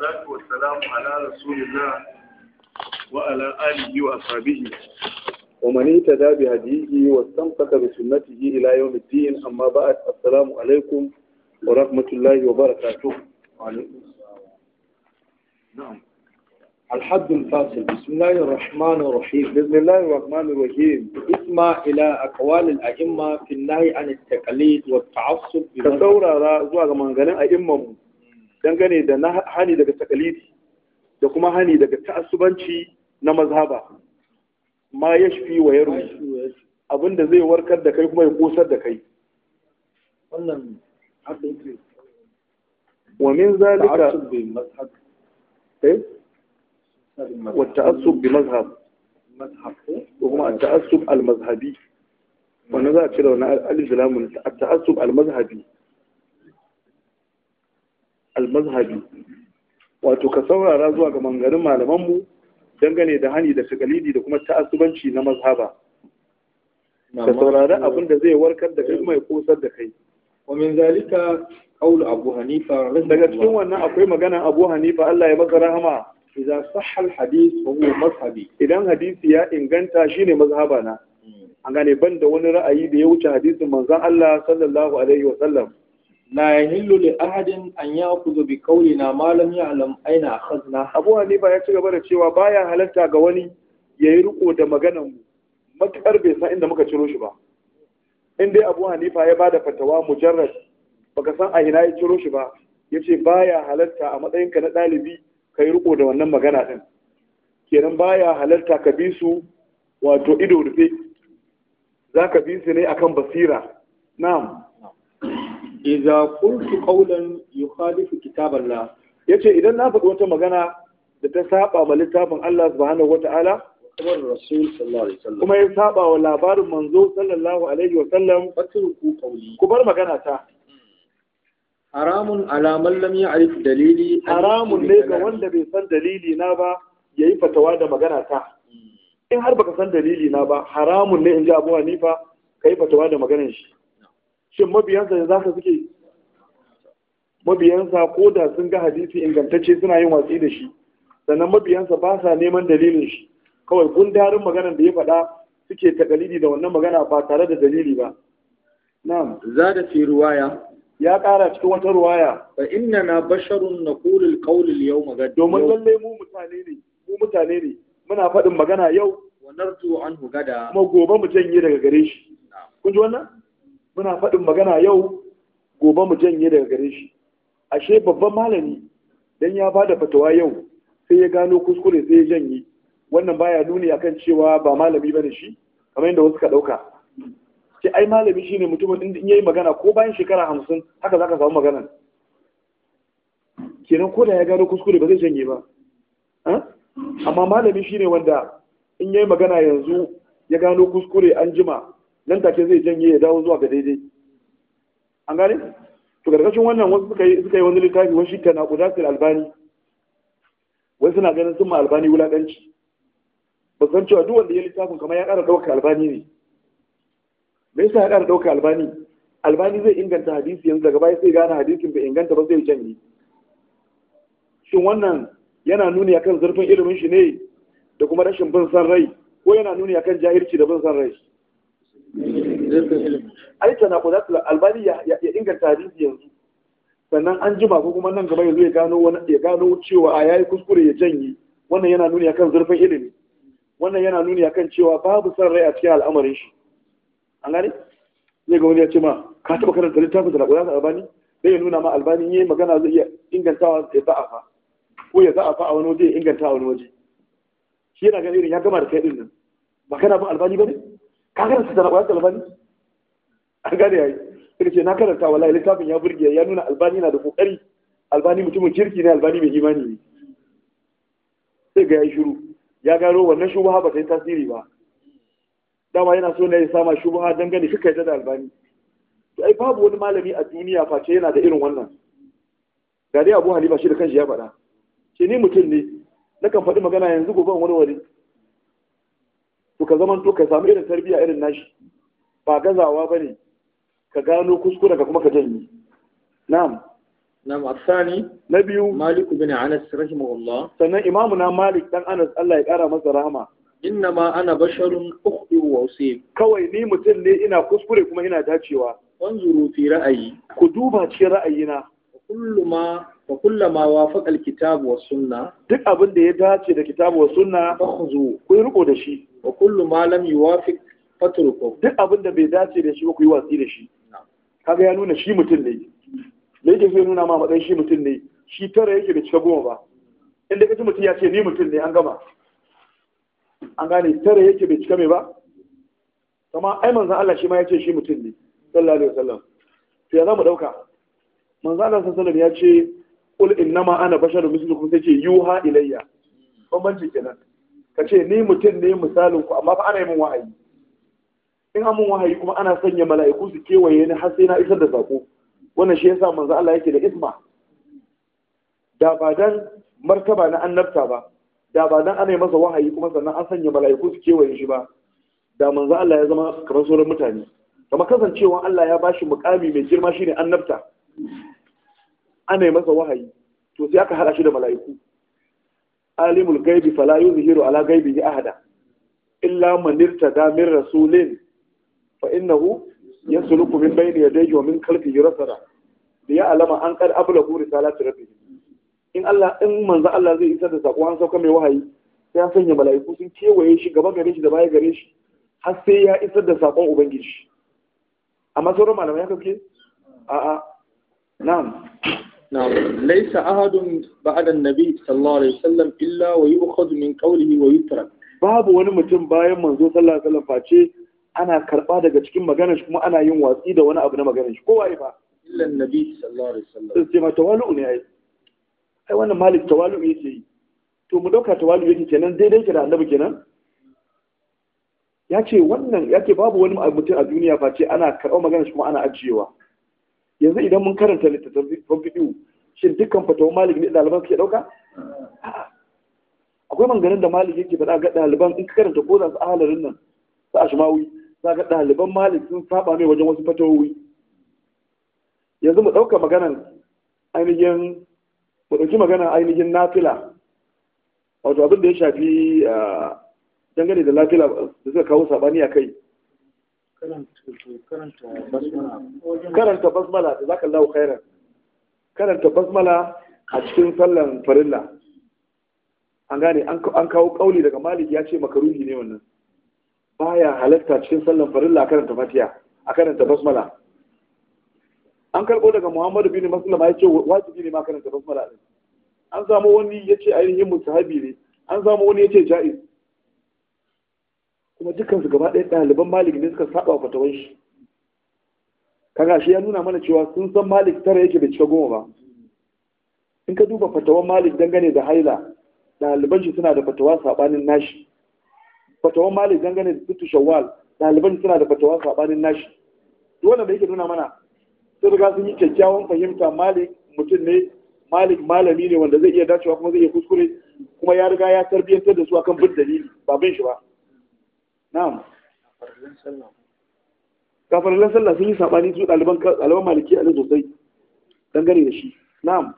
والصلاة والسلام على رسول الله وعلى آله وأصحابه ومن اهتدى بهديه واستمسك بسنته إلى يوم الدين أما بعد السلام عليكم ورحمة الله وبركاته وعليكم نعم الحد الفاصل بسم الله الرحمن الرحيم بسم الله الرحمن الرحيم اسمع إلى أقوال الأئمة في النهي عن التقليد والتعصب كثورة زواج من غنى أئمة dangane da na hani daga takalidi da kuma hani daga ta'assubanci na mazhaba ma ya shafi wa yarwi abinda zai warkar da kai kuma ya kosar da kai wannan wa min zalika eh? wa ta'assub bi mazhab ko kuma taassub al-mazhabi wannan za a cire wannan alif lamun taassub al-mazhabi al-mazhabi wato ka saurara zuwa ga mangarin malamanmu dangane da hani da takalidi da kuma ta'assubanci na mazhaba ka saurara abin da zai warkar da kai kuma ya kosar da kai wa min zalika qawl abu hanifa daga cikin wannan akwai magana abu hanifa Allah ya maka rahama idan sahal hadith wa huwa mazhabi idan hadisi ya inganta shine mazhabana hmm. an gane ban da wani ra'ayi da ya wuce hadisin manzon Allah sallallahu alaihi wa sallam la yahillu li ahadin an ya'khudha bi qawlina ma lam ya'lam aina akhadna Abu Hanifa ya ci gaba da cewa baya halarta ga wani yayi riko da maganan mu matakar bai san inda muka ciro shi ba in dai Abu Hanifa ya bada fatawa mujarrad baka san a ina ya ciro shi ba yace baya halarta a matsayinka na ɗalibi ka yi riko da wannan magana din kenan baya halarta ka bi su wato ido rufe za ka bi su ne akan basira na'am iza qultu qawlan yukhalifu kitaballah yace idan na faɗi wata magana da ta saba ma littafin Allah subhanahu wataala kamar rasul sallallahu alaihi wasallam kuma ya saba wa labarin manzo sallallahu alaihi wasallam fatruku qawli ku bar magana ta haramun ala man lam ya'rif dalili haramun ne ga wanda bai san dalili na ba yayi fatawa da magana ta hmm. in har baka san dalili na ba haramun ne in ji Abu Hanifa kai fatawa da maganar shi shin mabiyansa yanzu su suke mabiyansa ko da sun ga hadisi ingantacce suna yin watsi da shi sannan mabiyansa ba sa neman dalilin shi kawai gundarin maganar da ya faɗa suke dalili da wannan magana ba tare da dalili ba na'am da fi ruwaya ya ƙara cikin wata ruwaya fa inna na basharun na al-qawl al-yawm domin lalle mu mutane ne mu mutane ne muna faɗin magana yau wa an anhu gada kuma gobe mu janye daga gare shi kun ji wannan muna faɗin magana yau gobe mu janye daga gare shi ashe babban malami dan ya bada fatawa yau sai ya gano kuskure sai ya janye wannan baya nuni akan cewa ba malami bane shi kamar yadda wasu ka dauka ce ai malami shine mutumin in yayi magana ko bayan shekara hamsin haka zaka samu maganan kenan ko da ya gano kuskure ba zai janye ba amma malami shine wanda in yayi magana yanzu ya gano kuskure an jima nan take zai janye ya dawo zuwa ga daidai an gane to karkashin wannan wasu suka yi suka yi wani littafi wani shikka na kudatul albani wai suna ganin sun ma albani wulakanci ba san cewa duk wanda ya littafin kamar ya ƙara ɗaukar albani ne me yasa ya ƙara ɗaukar albani albani zai inganta hadisi yanzu daga baya sai gane hadisin bai inganta ba zai janye shin wannan yana nuni akan zurfin ilimin shi ne da kuma rashin bin san rai ko yana nuni akan jahilci da bin san rai ai tanaqudatul albani ya inganta hadisi yanzu sannan an jima ko kuma nan gaba yanzu ya gano wani ya gano cewa a yayi kuskure ya janye wannan yana nuni akan zurfin ilimi wannan yana nuni akan cewa babu san rai a cikin al'amarin shi an gane zai ga wani ya ce ma ka taba karanta littafin da tanaqudatul albani zai nuna ma albani yayi magana zai iya ingantawa ya za'afa ko ya za'afa a wani waje ya inganta a wani waje shi yana ganin irin ya gama da kai din nan ba kana bin albani ba ne ka karanta da kwayar albani an gane ya yi. suka ce na karanta wallahi littafin ya burge ya nuna albani na da kokari albani mutumin kirki ne albani mai imani ne sai ga yi shiru ya gano wannan shubuha ba ta yi tasiri ba dama yana so ne ya sama shubuha dangane kika yadda da albani to ai babu wani malami a duniya face yana da irin wannan ga dai abu halifa shi da kanshi ya faɗa ce ni mutum ne nakan faɗi magana yanzu gobe wani wani to ka zaman to ka samu irin tarbiyya irin nashi ba gazawa bane ka gano kuskure ka kuma ka janye na'am na'am asani na biyu malik bin anas rahimahullah sannan imamu na malik dan anas Allah ya kara masa rahama innama ana basharun ukhti wa usib kawai ni mutum ne ina kuskure kuma ina dacewa wanzuru fi ra'ayi ku duba ci ra'ayina kullu ma fa kullama wafaqa alkitabu was sunna duk abin da ya dace da kitabu was sunna fakhuzu ku riko da shi wa kullu ma lam yuwafiq fatruku duk abin da bai dace da shi ba ku yi watsi da shi kaga ya nuna shi mutum ne Me yake zai nuna ma matsayin shi mutum ne shi tara yake da cika goma ba inda kaji mutum ya ce ni mutum ne an gama an gane tara yake bai cika mai ba kama ai manzan Allah shi ma ya shi mutum ne sallallahu alaihi wasallam to ya za mu dauka manzan Allah sallallahu alaihi wasallam ya ce qul innama ana basharun mislukum sai ce yuha ilayya bambanci kenan ka ce ni mutum ne misalin ku amma fa ana yi min wahayi in amin wahayi kuma ana sanya mala'iku su kewaye ni har sai na isar da sako wannan shi yasa manzo Allah yake da isma da ba dan martaba na annabta ba da ba dan ana yi masa wahayi kuma sannan an sanya mala'iku su kewaye shi ba da manzo Allah ya zama kamar sauran mutane kamar kasancewa Allah ya bashi mukami mai girma shine annabta ana yi masa wahayi to sai aka hada shi da mala'iku alimul gaibi fala yuzhiru ala gaibihi ahada illa man irtada min rasulin fa innahu yasluku min bayni yadayhi wa min khalfihi rasara. da ya alama an kad ablagu risalati rabbih in Allah in manzo Allah zai isar da sako an sauka mai wahayi sai ya sanya mala'iku sun kewaye shi gaba gare shi da baya gare shi har sai ya isa da sakon ubangiji amma sauran malamai haka ke a'a na'am نعم ليس أحد بعد النبي صلى الله عليه وسلم إلا ويؤخذ من قوله ويترك باب wani mutum bayan manzo الله عليه وسلم face ana كربا daga cikin magana shi kuma ana yin watsi da wani abu na magana shi waye ba illa annabi sallallahu alaihi wasallam sai ma tawalu ne ai ai wannan malik tawalu yake yi to mu dauka tawalu yake kenan daidai ke da annabi kenan ya ce wannan ya ce babu wani mutum a duniya face ana karɓar maganar shi kuma ana ajiyewa yanzu idan mun karanta littattafan bidiyo shin dukkan fatawar malik ne ɗaliban suke ɗauka akwai manganin da malik yake faɗa ga ɗaliban in ka karanta ko su ahalarin nan su shimawi za ga ɗaliban malik sun saba mai wajen wasu fatawowi yanzu mu ɗauka maganar ainihin mu ɗauki maganar ainihin nafila wato abin da ya shafi ah, dangane da nafila da suka kawo sabani a kai karanta basmala da zaka lau khairan karanta basmala a cikin sallan farilla an gane an kawo kauli daga malik ya ce makaruhi ne wannan baya halatta cikin sallan farilla a karanta fatiha a karanta basmala an karɓo daga muhammadu bin maslama ya ce wajibi ne ma karanta basmala an samu wani ya ce ainihin musahabi ne an samu wani ya ce ja'iz kuma dukansu gaba ɗaya ɗaliban malik ne suka saba fatawan shi kaga shi ya nuna mana cewa sun san malik tara yake bai cika goma ba in ka duba fatawan malik dangane da haila ɗaliban shi suna da fatawa saɓanin nashi fatawan malik dangane da sittu shawwal ɗaliban suna da fatawa saɓanin nashi wannan da yake nuna mana sun riga sun yi kyakkyawan fahimta malik mutum ne malik malami ne wanda zai iya dacewa kuma zai iya kuskure kuma ya riga ya tarbiyyantar da su akan bin dalili ba bin shi ba na'am kafarallan sallah sun yi sabani su ɗaliban ɗaliban maliki a nan sosai dangane da shi na'am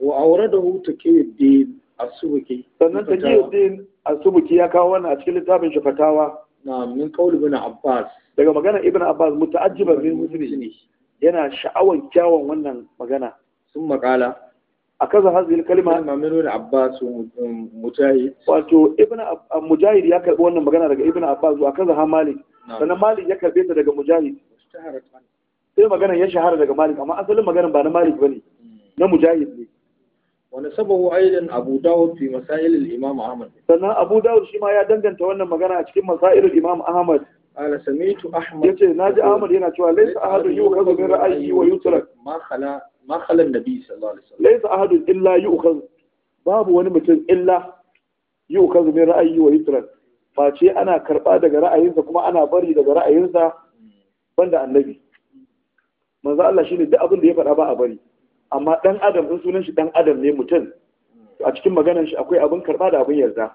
wa awradahu taqiyuddin as-subki sannan taqiyuddin as-subki ya kawo wannan a cikin littafin shafatawa na'am min qawl ibn abbas daga magana ibn abbas muta'ajjiban min Musulmi. yana sha'awan kyawun wannan magana sun makala akaza hazil kalima mamun abbas mujahid wato ibn mujahid ya karbi wannan magana daga ibn abbas wa kaza ha malik sannan malik ya karbe ta daga mujahid sai magana ya shahara daga malik amma asalin magana ba na malik bane na mujahid ne wani sababu aidan abu dawud fi al imam ahmad sannan abu dawud shi ma ya danganta wannan magana a cikin al imam ahmad ala samitu ahmad yace naji ahmad yana cewa laysa ahadun kaza min ra'ayi wa yutrak ma khala ma khalan nabi sallallahu alaihi wasallam laysa ahadun illa yu'khaz babu wani mutum illa yu'khaz min ra'ayi wa yutrak face ana karba daga ra'ayinsa kuma ana bari daga ra'ayinsa banda annabi manzo Allah shine duk abin da ya faɗa ba a bari amma dan adam in sunan shi dan adam ne mutum a cikin maganar shi akwai abin karba da abin yarda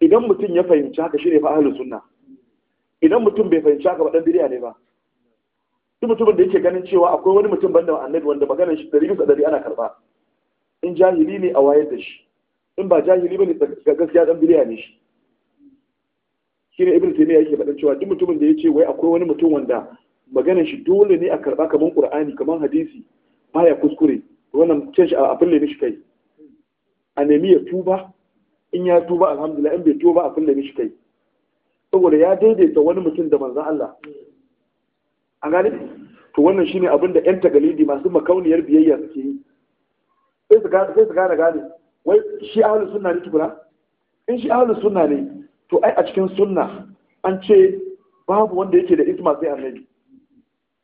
idan mutum ya fahimci haka shine fa ahlus sunna idan mutum bai fahimci haka ba dan bid'a ne ba duk mutumin da yake ganin cewa akwai wani mutum banda annabi wanda magana shi dari bisa dari ana karba in jahili ne a wayar da shi in ba jahili bane ga gaskiya dan biliya ne shi shine ibnu taymiya yake faɗin cewa duk mutumin da yace wai akwai wani mutum wanda magana shi dole ne a karba kaman qur'ani kaman hadisi baya kuskure wannan cin shi a ne shi kai a nemi ya tuba in ya tuba alhamdulillah in bai tuba a ne shi kai saboda ya daidaita wani mutum da manzon Allah an gane to wannan shine abin da yan tagalidi masu makauniyar biyayya suke yi sai su gane sai su gane gane wai shi ahlus sunna ne tukura in shi ahlus sunna ne to ai a cikin sunna an ce babu wanda yake da isma sai annabi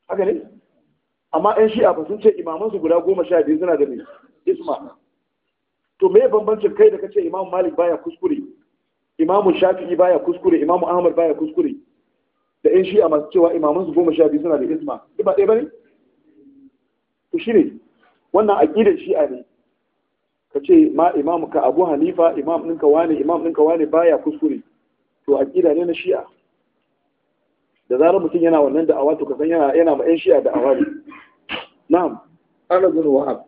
haka ne amma yan shi'a ba sun ce imamansu guda goma sha biyu suna da ne isma to me bambancin kai da kace imamu malik baya kuskure imamu shafi'i baya kuskure imamu ahmad baya kuskure da yan shi'a masu cewa imaman su goma sha biyu suna da isma ba ɗaya ku shi ne wannan aqidar shi'a ne ka ce ma imamu ka Abu Hanifa imam ɗinka wane imam ɗinka wane baya kuskure to aqida ne na shi'a da zarar mutum yana wannan awa to kasan yana yana ma yan shi'a awa ne na'am ana bin wahab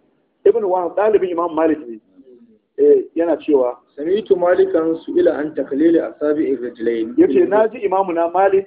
ibn wahab ɗalibin imam malik ne eh yana cewa sami'tu malikan su ila an taklili asabi'ir rijlain yace naji imamuna na malik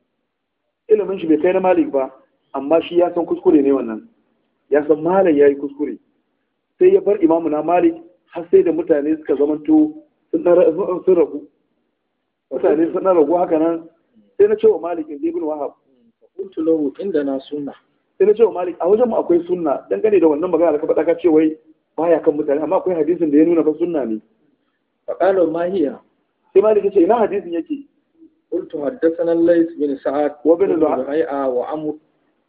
ilimin shi bai kai na malik ba amma shi ya san kuskure ne wannan ya san malam ya yi kuskure sai ya bar imamu na malik har sai da mutane suka zamanto sun ragu mutane sun ragu haka nan sai na cewa malik in bin wahab kuntu lahu na sunna sai na cewa malik a wajen mu akwai sunna dangane da wannan magana da ka faɗa ka ce wai baya kan mutane amma akwai hadisin da ya nuna fa sunna ne fa qala sai malik ya ce ina hadisin yake قلت حدثنا الليث بن سعد وابن لهيعة وعمر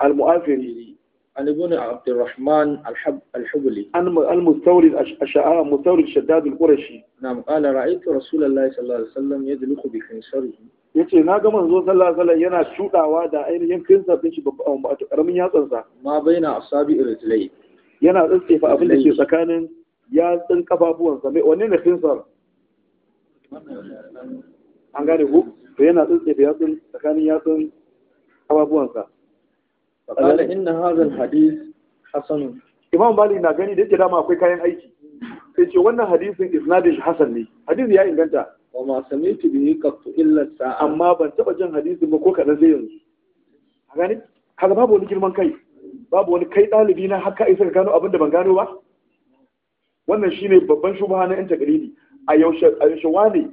المؤافري عن ابن عبد الرحمن الحب الحبلي عن المستورد الشعار مستورد شداد القرشي نعم قال رأيت رسول الله صلى الله عليه وسلم يدلخ بخنصره yace na ga manzo sallallahu alaihi wasallam yana shudawa da ainihin kinsa din shi babban wato karamin yatsansa ma baina asabi irtilai yana tsitsefa abin da ke tsakanin yatsun kafafuwansa mai wanne ne kinsar an gane ku to yana tsintsefe yatsun tsakanin yatsun ababuwansa qala inna hadha al-hadith hasan imam bali na gani da yake dama akwai kayan aiki sai ce wannan hadisin isnadin hasan ne hadisi ya inganta wa ma sami'tu bi qattu illa sa'a amma ban taba jin hadisin ba ko kadan zai yanzu a gani kaga babu wani girman kai babu wani kai dalibi na haka isa ka gano abin da ban gano ba wannan shine babban shubaha na yan a yaushe a yaushe wane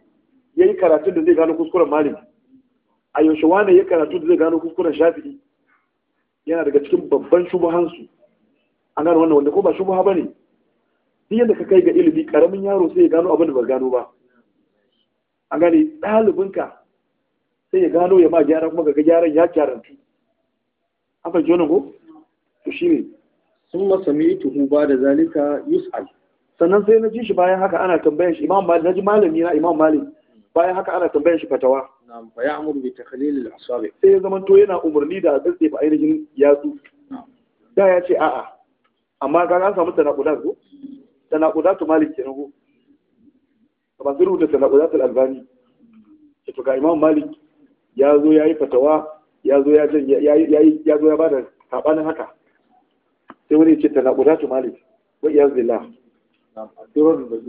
ya yi karatun da zai gano kuskuren malik a yaushe wane ya karatu da zai gano kuskuren shafi'i yana daga cikin babban shubuhansu an gano wannan wanda ko ba shubuha ba ne duk yadda ka kai ga ilimi karamin yaro sai ya gano abin da ba gano ba an gane ɗalibinka sai ya gano ya ma gyara kuma ga gyaran ya gyarantu an fahimci wannan ko to shi ne sun masami tuhu ba da zalika yus'al sannan sai na ji shi bayan haka ana tambayar shi imam malik na ji malami na imam malik bayan haka ana tambayar shi fatawa na'am fa ya'muru bi takhlil al-asabi sai ya zamanto yana umarni da dutse fa ainihin yatsu da ya ce a'a amma ga an samu tanaqudat ko tanaqudat malik kenan ko ba sai rubuta tanaqudat al-albani to ga imam malik ya zo ya yi fatawa ya zo ya janye ya zo ya bada sabanin haka sai wani ce tanaqudat malik wa iyaz billah sai wani ba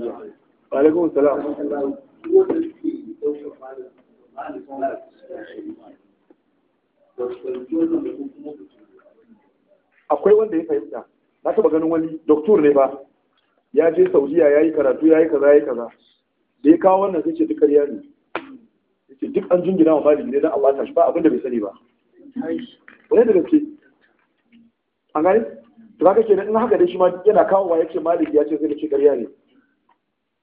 alaikum salam akwai wanda ya fahimta na taba ganin wani doktor ne ba ya je saudiya ya yi karatu ya yi kaza ya yi kaza da ya kawo wannan sai ce duk ƙarya ne ce duk an jingina wa malami ne don Allah ta shi ba abinda bai sani ba wani da gaske an gani to kaga kenan in haka dai shi ma yana kawowa ce malami ya ce zai da ce ƙarya ne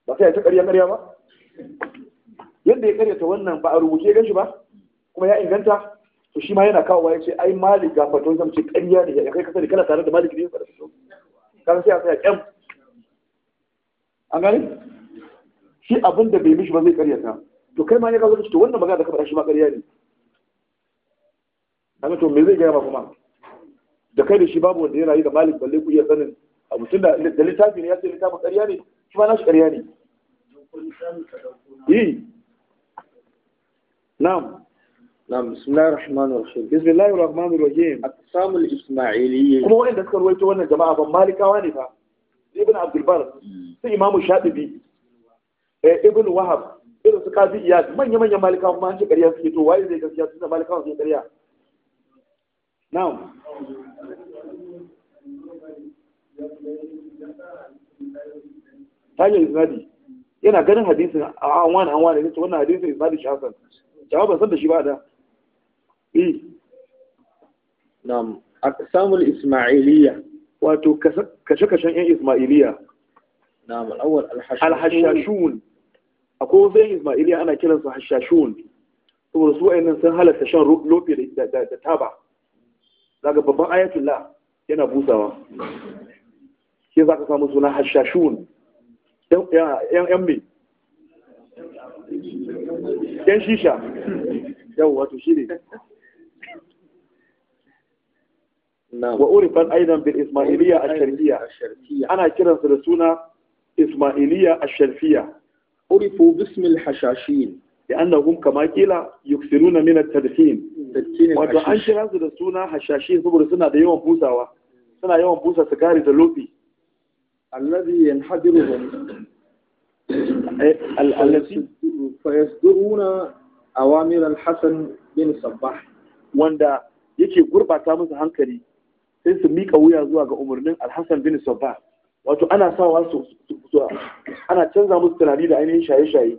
ba sai ya ce ƙarya ƙarya ba yadda ya karyata wannan ba a rubuce gan shi ba kuma ya inganta to shi ma yana kawowa ya ce ai malik ga fato zan ce ƙarya ne ya kai kasa da kana tare da malik ne ya fara kan sai a tsaya kyam an gani shi abin da bai mishi ba zai karyata to kai ma ya kawo to wannan magana da ka faɗa shi ma ƙarya ne an to me zai gaya ba kuma da kai da shi babu wanda yana yi da malik balle ku iya sanin abu tun da littafi ne ya ce littafin ƙarya ne shi ma nashi ƙarya ne yi na'am na'am bismillahir rahmanir rahim bismillahir rahmanir rahim at-samul isma'iliyyi kuma wanda suka ruwaito wannan jama'a ban malikawa ne fa ibn abdul bar eh, su kuma an ce ƙarya suke to yana ganin hadisin a wani an wani ne wannan hadisin isnadin shi hasan jawaban san da shi ba da eh nam samun isma'iliyya wato kashe-kashen yan isma'iliyya nam al alhashashun. A kowa, akwai yan isma'iliyya ana kiransu hashashun saboda su nan sun halatta shan lofe da taba daga babban ayatullah yana busawa shi za ka samu suna hashashun yan me yan shisha yau wato shi ne Wa'urifan urifan aidan bil ismailiyya ash-sharqiyya ana kiransu da suna ismailiyya a sharqiyya urifu bism al-hashashin لأنهم كما قيل يكثرون من التدخين wato an kiransu da suna hashashi saboda suna da yawan busawa suna yawan busa sigari da lofi الذي ينحدرهم الذي فيصدرون أوامر الحسن بن صباح وندا yake gurbata musu hankali sai su mika wuya zuwa ga umarnin alhassan bin sabba wato ana sawa su ana canza musu tunani da ainihin shaye-shaye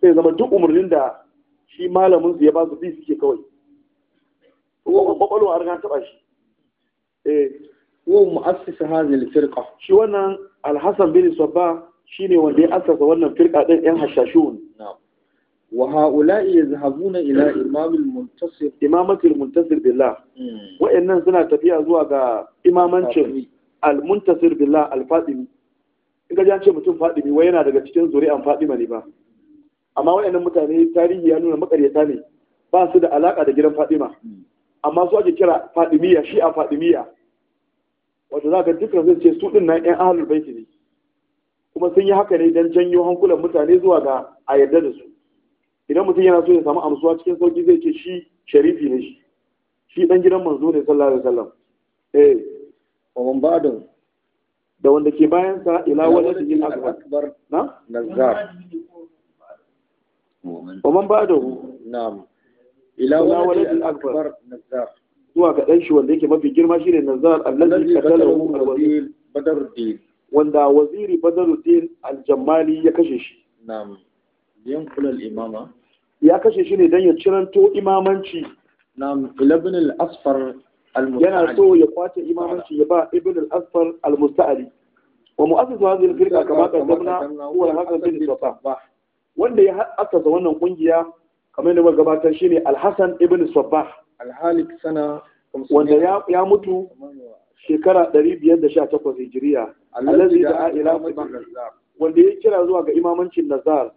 sai zama duk umarnin da shi malamin su ya ba su bi suke kawai taba shi huwa mu'assisu hadhihi al-firqa shi wannan al-Hasan bin Sabba shine wanda ya assasa wannan firqa din yan hashashun na'am wa ha'ula'i yazhabuna ila imam al-muntasir imamati al-muntasir billah hmm. wa'annan suna tafiya zuwa ga imamancin al-muntasir billah al fadimi in ga ce mutum Fadimi wai yana daga cikin zuri'an fatima ne ba amma wa'annan mutane tarihi ya nuna makaryata ne ba su da alaka da gidan fadima. Hmm. amma su ake kira shi "A Fadimiya". wato za ka dukkan zai ce su ɗin nan 'yan ahalul baiti ne kuma sun yi haka ne don janyo hankulan mutane zuwa ga a yarda da su idan mutum yana so ya samu amsuwa cikin sauki zai ce shi sharifi ne shi shi ɗan gidan manzo ne sallallahu alaihi wasallam eh wa ba'dun da wanda ke bayan sa ila wajhi akbar na nazar wa man na'am ila wajhi akbar nazar zuwa ga dan shi wanda yake mafi girma shine nazar allazi qatalahu al-wazir badruddin wanda waziri badruddin al ya kashe shi na'am yankul al-imama ya kashe shi ne don ya ciranto imamanci na'am ibn al-asfar yana so ya kwace imamanci ya ba ibn al-asfar al-musta'ali wa mu'assisu hadhihi al-firqa kama qaddamna huwa al-hasan bin sabbah wanda ya assasa wannan kungiya kamar yadda muka gabatar shine al-hasan ibn sabbah alhalik sana wanda ya mutu shekara 518 hijiriya allazi da ila wanda ya kira zuwa ga imamancin nazar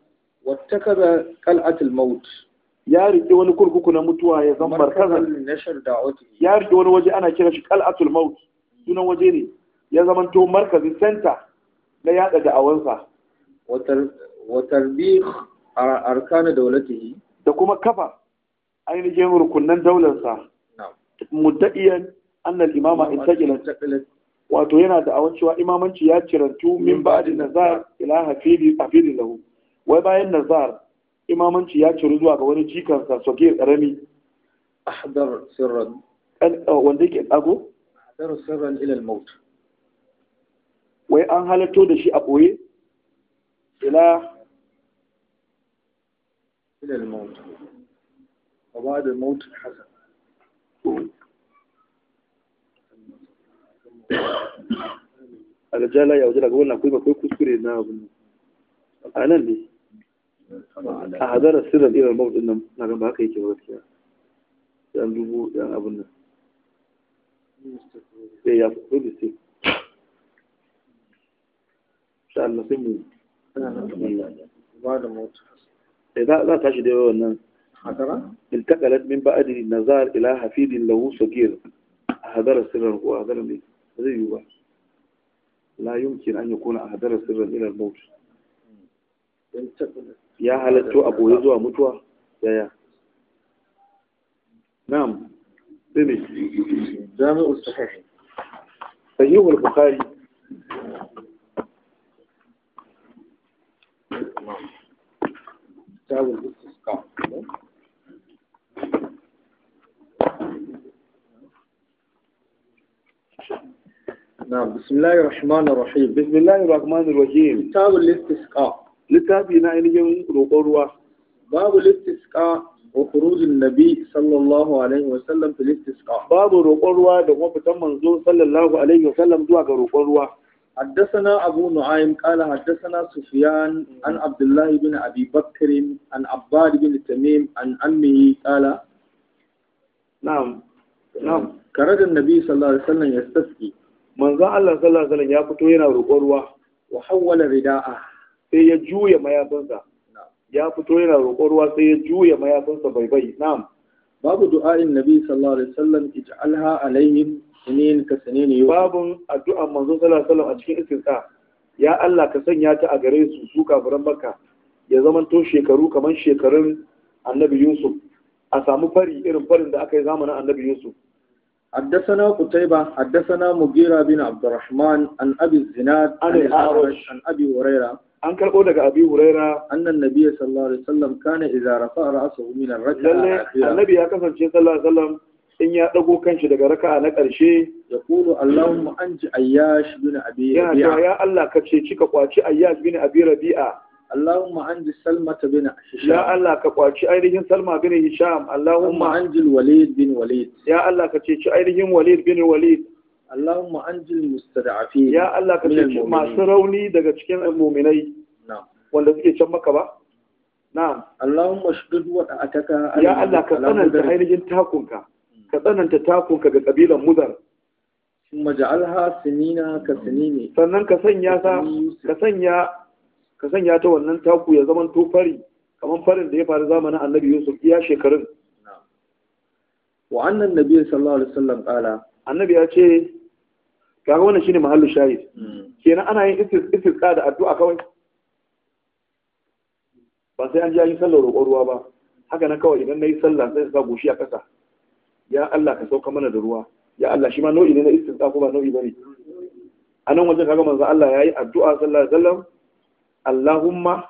wattakaza kal'atul maut ya rike wani kurkuku na mutuwa ya zan markazan ya rike wani waje ana kira shi kal'atul maut sunan waje ne ya to markazin center na yada da'awansa wa tarbiq arkana dawlatihi da kuma kafa ainihin rukunan daularsa mudda'iyan annal imama intaqilat wato yana da awan cewa imamanci ya cirantu min ba da nazar ila hafidi hafidi lahu wai bayan nazar imamanci ya ciru zuwa ga wani jikansa soke karami ahdar sirran eh, wanda yake tsago ahdar sirran ila al-maut wai an halatto da shi a boye ila ila al-maut ba da mautin hasan nan حسنا التقلت من بعد النزار إلى حفيد له صغير أهدر السر هو أهدر هذا هو لا يمكن أن يكون أهدر السر إلى الموت يا هل تو أبو يزوى متوى يا يا نعم بني جامع الصحيح صحيح البخاري Thank نعم. you. نعم بسم الله الرحمن الرحيم بسم الله الرحمن الرحيم كتاب الاستسقاء لتابي نائن يوم روكور باب الاستسقاء وخروج النبي صلى الله عليه وسلم في الاستسقاء باب روكور وا دوما بتم صلى الله عليه وسلم دوا روكور حدثنا ابو نعيم قال حدثنا سفيان عن عبد الله بن ابي بكر عن عباد بن تميم عن امه قال نعم نعم كرد النبي صلى الله عليه وسلم يستسقي manzo Allah sallallahu alaihi wasallam ya fito yana roƙon ruwa wa hawwala rida'a sai ya juya mayafinsa ya fito yana roƙon ruwa sai ya juya mayafinsa bai bai na'am babu du'a'in nabi sallallahu alaihi wasallam ij'alha alaihim sinin ka sinin babu addu'a manzon sallallahu alaihi wasallam a cikin istinsa ya Allah ka sanya ta a gare su su kafiran Makka ya to shekaru kamar shekarun Annabi Yusuf a samu fari irin farin da aka yi zamanin Annabi Yusuf حدثنا قتيبة حدثنا مغيرة بن عبد الرحمن عن أبي الزناد عن الأعرج عن أبي هريرة an karɓo daga abi huraira annan nabi sallallahu alaihi wasallam kana idza rafa'a ra'sahu min ar-rak'a lalle annabi ya kasance sallallahu alaihi wasallam in ya dago kanshi daga raka'a na karshe? ya kulu allahumma anji ayyash bin abi rabi'a ya Allah ka cika kwaci ayyash bin abi rabi'a Allahumma anji Salmata bin Hisham. Ya Allah ka kwaci ainihin Salma bin Hisham. Allahumma anji Walid bin Walid. Ya Allah ka ceci ainihin Walid bin Walid. Allahumma anji mustada'afin. Ya Allah ka ceci masu rauni daga cikin mu'minai. Wanda suke can maka ba? Na'am. Allahumma shudud wa ataka. Ya Allah ka tsananta ainihin takunka. Ka tsananta takunka ga kabilan Mudar. Maja'alha sinina ka sinini. Sannan ka sanya ka sanya ka sanya ta wannan taku ya zama to fari kamar farin da ya faru zamanin annabi yusuf iya shekarun wa annan nabi sallallahu alaihi wasallam kala annabi ya ce kaga wannan shine mahallu shahid hmm. kenan ana yin istisqa da addu'a kawai ba sai an ji yi sallar roƙon ruwa ba haka nan kawai idan nayi sallah sai sa goshi a ƙasa ya Allah ka sauka mana da ruwa ya Allah shi ma nau'i ne na istisqa ko ba nau'i bane a nan wajen kaga manzo Allah yayi addu'a sallallahu alaihi wasallam Allahumma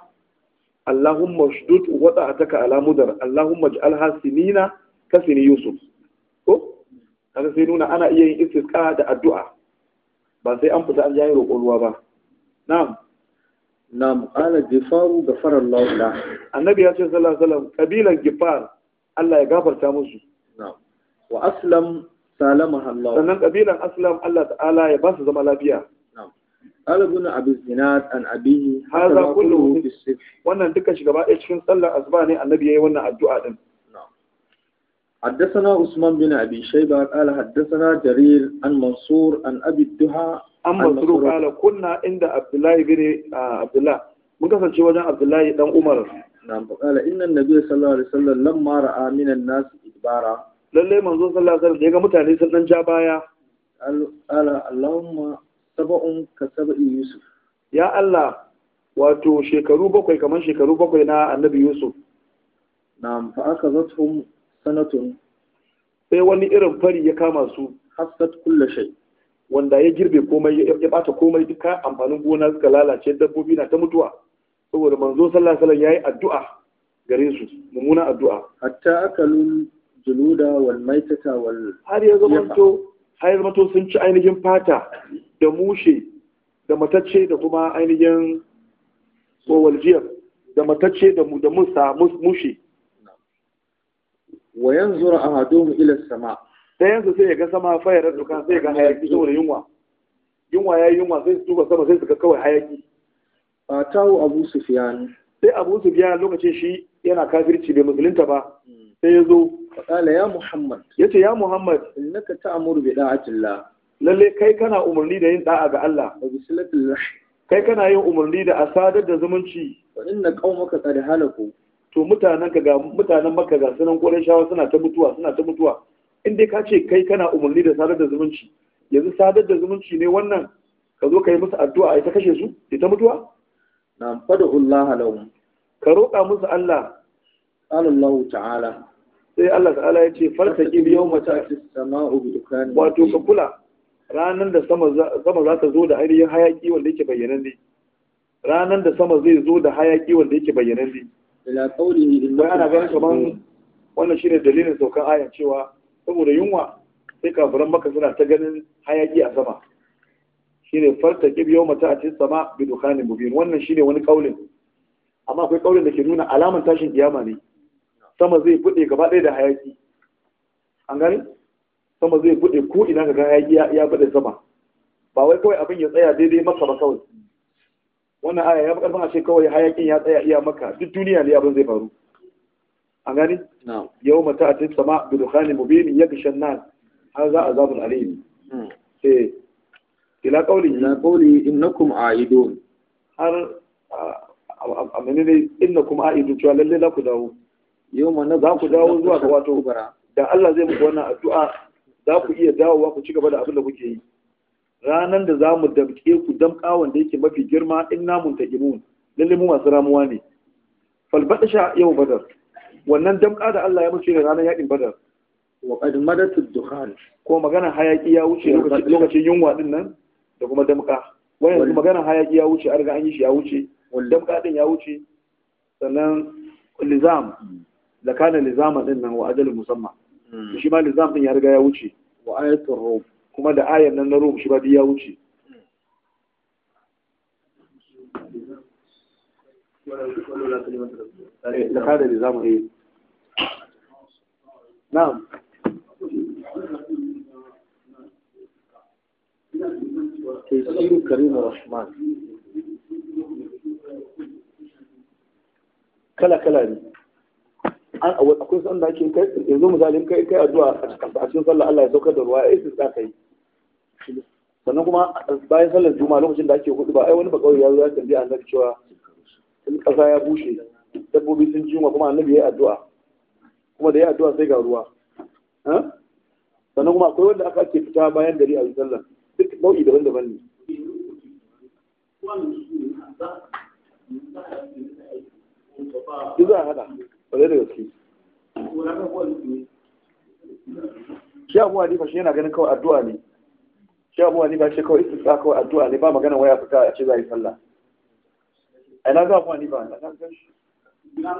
Allahumma shdud wada ataka ala mudar Allahumma ij'alha sinina ka Yusuf ko kaga sai nuna ana iya yin istisqa da addu'a ba sai an fita an jayi roƙon ruwa ba na'am na'am ala gifaru gafara Allah la annabi ya ce sallallahu alaihi wasallam kabilan gifar Allah ya gafarta musu na'am wa aslam salama Allah sannan kabilan aslam Allah ta'ala ya ba su zama lafiya قال ابن ابي الزناد عن ابيه هذا كله في wannan duka shi cikin sallar asuba ne annabi yayi wannan addu'a din حدثنا عثمان بن ابي شيبه قال حدثنا جرير عن منصور عن ابي الدحى عن مسروق قال كنا عند عبد الله بن عبد الله mun kasance wajen Abdullahi dan Umar nan fa kala inna nabiyyu sallallahu alaihi wasallam lamma ra'a min an-nas idbara lalle manzo sallallahu alaihi wasallam da ga mutane sun ja baya Allahumma saba'un ka saba'i Yusuf ya Allah wato shekaru bakwai kamar shekaru bakwai na annabi Yusuf na fa aka zatum sanatun sai wani irin fari ya kama su hasad kulla shai. wanda ya girbe komai ya bata komai duka amfanin gona suka lalace dabbobi na ta mutuwa saboda manzo sallallahu alaihi wasallam yayi addu'a gare su mummuna addu'a hatta akalun juluda wal maitata wal har ya zamanto har ya sun ci ainihin fata da mushe da matacce da kuma ainihin waljiyar da matacce da musa mushe wa yanzu a hadon ila sama ta yanzu sai ya ga sama fayar duka sai ga hayaki saboda yunwa yunwa ya yi yunwa sai su duba sama sai su ga kawai hayaki fatahu abu sufiyan sai abu sufiyan lokacin shi yana kafirci bai musulunta ba sai ya zo faɗala ya muhammad ya ce ya muhammad innaka ta'muru bi da'atillah lalle kai kana umarni da yin da'a ga Allah wa bi silatil kai kana yin umarni da asadar da zumunci wa inna qaumaka qad halaku to mutanen ga mutanen makka ga sunan qurayshawa suna ta mutuwa suna ta mutuwa in dai ka ce kai kana umarni da sadar da zumunci yanzu sadar da zumunci ne wannan ka zo ka yi musu addu'a ai ta kashe su ai ta mutuwa na fadahu Allah lahum ka roƙa musu Allah qala Allah ta'ala sai Allah ta'ala ya ce fartaki bi yawma ta'ti sama'u bi dukani wato ka kula ranan da sama za ta zo da ainihin hayaki wanda yake ne, ranan da sama zai zo da hayaki wanda yake bayyananne ne. qawlihi inna ana ganin kamar wannan ne dalilin saukan ayan cewa saboda yunwa sai kafiran maka suna ta ganin hayaki a sama shine biyo mata a cikin sama bi dukani mubin wannan shine wani kaulin amma akwai kaulin da ke nuna alamun tashin kiyama ne sama zai buɗe gaba ɗaya da hayaki an gani sama zai buɗe ko ina ga hayaki ya buɗe sama ba wai kawai abin ya tsaya daidai maka ba kawai wannan aya ya karfin a ce kawai hayakin ya tsaya iya maka duk duniya ne abin zai faru an gani yau mata a cikin sama bi dukhani ya yakshan nan har za azabun alim hmm. eh ila qawli ila qawli innakum aidun har a menene innakum aidun cewa lalle za ku dawo yau mana za ku dawo zuwa ga wato da Allah zai muku wannan addu'a za ku iya dawowa ku ci gaba da abin da kuke yi ranan da za mu damƙe ku damƙawan da yake mafi girma in namun ta imun lalle mu masu ramuwa ne falbatasha yau badar wannan damƙa da Allah ya mutu da ranar yaƙin badar wa qad madatu dukhan ko magana hayaki ya wuce lokacin yunwa din nan da kuma damƙa wannan magana hayaki ya wuce an riga an yi shi ya wuce damƙa din ya wuce sannan lizam da kana lizaman din nan wa ajalin musamman hmm. shi ma nizam din ya riga ya wuce wa ayatul rum kuma da ayan nan na rum shi ba ya wuce eh, da kana lizaman eh. na'am تيسير كريم الرحمن كلا كلا دي an akwai san da ake kai yanzu misalin kai kai addu'a a cikin sallah Allah ya saukar da ruwa ya isa ka kai sannan kuma bayan sallar juma'a lokacin da ake hudu ba ai wani bakawai ya zo ya tambaya annabi cewa kasa ya bushe dabbobi sun juma kuma annabi ya yi addu'a kuma da ya addu'a sai ga ruwa sannan kuma akwai wanda aka ake fita bayan gari a sallar. duk nau'i daban-daban ne Duk za a haɗa. bare da gaske shi abu hanifa shi yana ganin kawai addu'a ne shi abu hanifa ce kawai istisqa kawai addu'a ne ba magana waya fita a ce za a yi sallah a na ga abu hanifa na ga shi na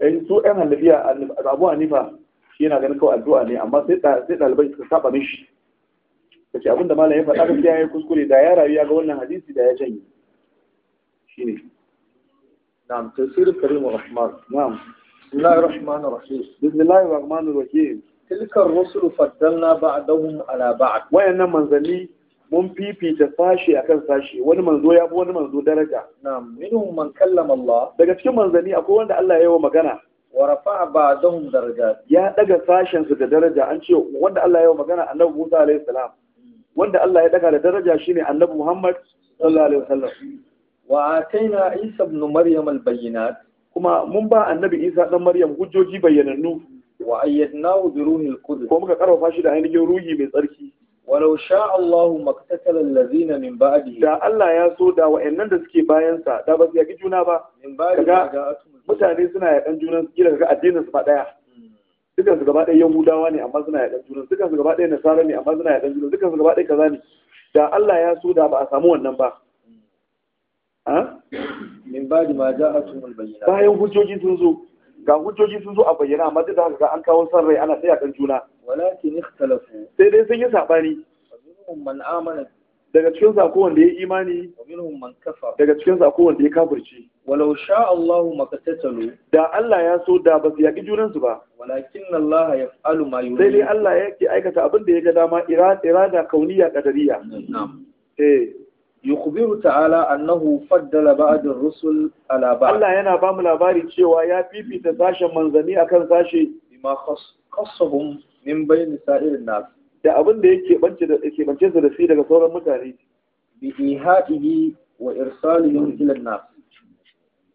in eh, su ɗan halabiya abu hanifa shi yana ganin kawai addu'a ne amma sai ɗalibai suka saba mishi ka ce abinda malam faɗa gaskiya ya kuskure da ya rayu ya ga wannan hadisi da ya janye shi ne na'am tafsirin karim rahman na'am bismillahir rahmanir rahim bismillahir rahmanir rahim tilkar rusul faddalna ba'dahum ala ba'd wayannan manzanni mun fifita sashi akan sashi wani manzo ya fi wani manzo daraja na'am minhum man kallama Allah daga cikin manzanni akwai wanda Allah ya yi wa magana wa rafa'a ba'dahum darajat ya daga sashen su da daraja an ce wanda Allah ya yi wa magana annabi Musa alaihi salam hmm. wanda Allah ya daga da daraja shine annabi Muhammad sallallahu alaihi wasallam wa ataina Isa ibn Maryam al-bayyinat kuma mun ba annabi Isa dan Maryam hujjoji bayyanannu wa ayyadnahu bi ruhil qudus ko muka karfafa shi da ainihin ruhi mai tsarki walau sha Allahu maktatala allazina min ba'di da Allah ya so da wayannan da suke bayan sa da ba su yaki juna ba min mutane suna yakan junan su kila ga addinin su ba daya hmm. dukan su gaba ɗaya Yahudawa ne amma suna yakan junan dukan su gaba ɗaya Nasara ne amma suna yakan junan dukan su gaba ɗaya kaza ne da Allah ya so da ba a samu wannan ba hmm. min ba'di ma bayyinat bayan hujjoji sun zo ga hujjoji sun zo a bayyana amma duk da haka an kawo san rai ana tsaya kan juna walakin ikhtalafu sai dai sun yi sabani minhum man amana daga cikin sako wanda ya imani minhum man kafa daga cikin sako wanda ya kafirci walau sha maka makatatalu da Allah ya so da ba su yaki junan su ba walakin Allah yaf'alu ma yuridu sai dai Allah yake aikata abin da ya ga dama irada kauniya Ƙadariya. na'am eh yukhbiru ta'ala annahu faddala ba'd rusul ala ba'd Allah yana ba mu labari cewa ya fifita sashen manzani akan sashe bima khassahum min bayni sa'irin nas da abin da yake bance da yake bance da shi daga sauran mutane bi ihadihi wa irsalihim hmm. ila nas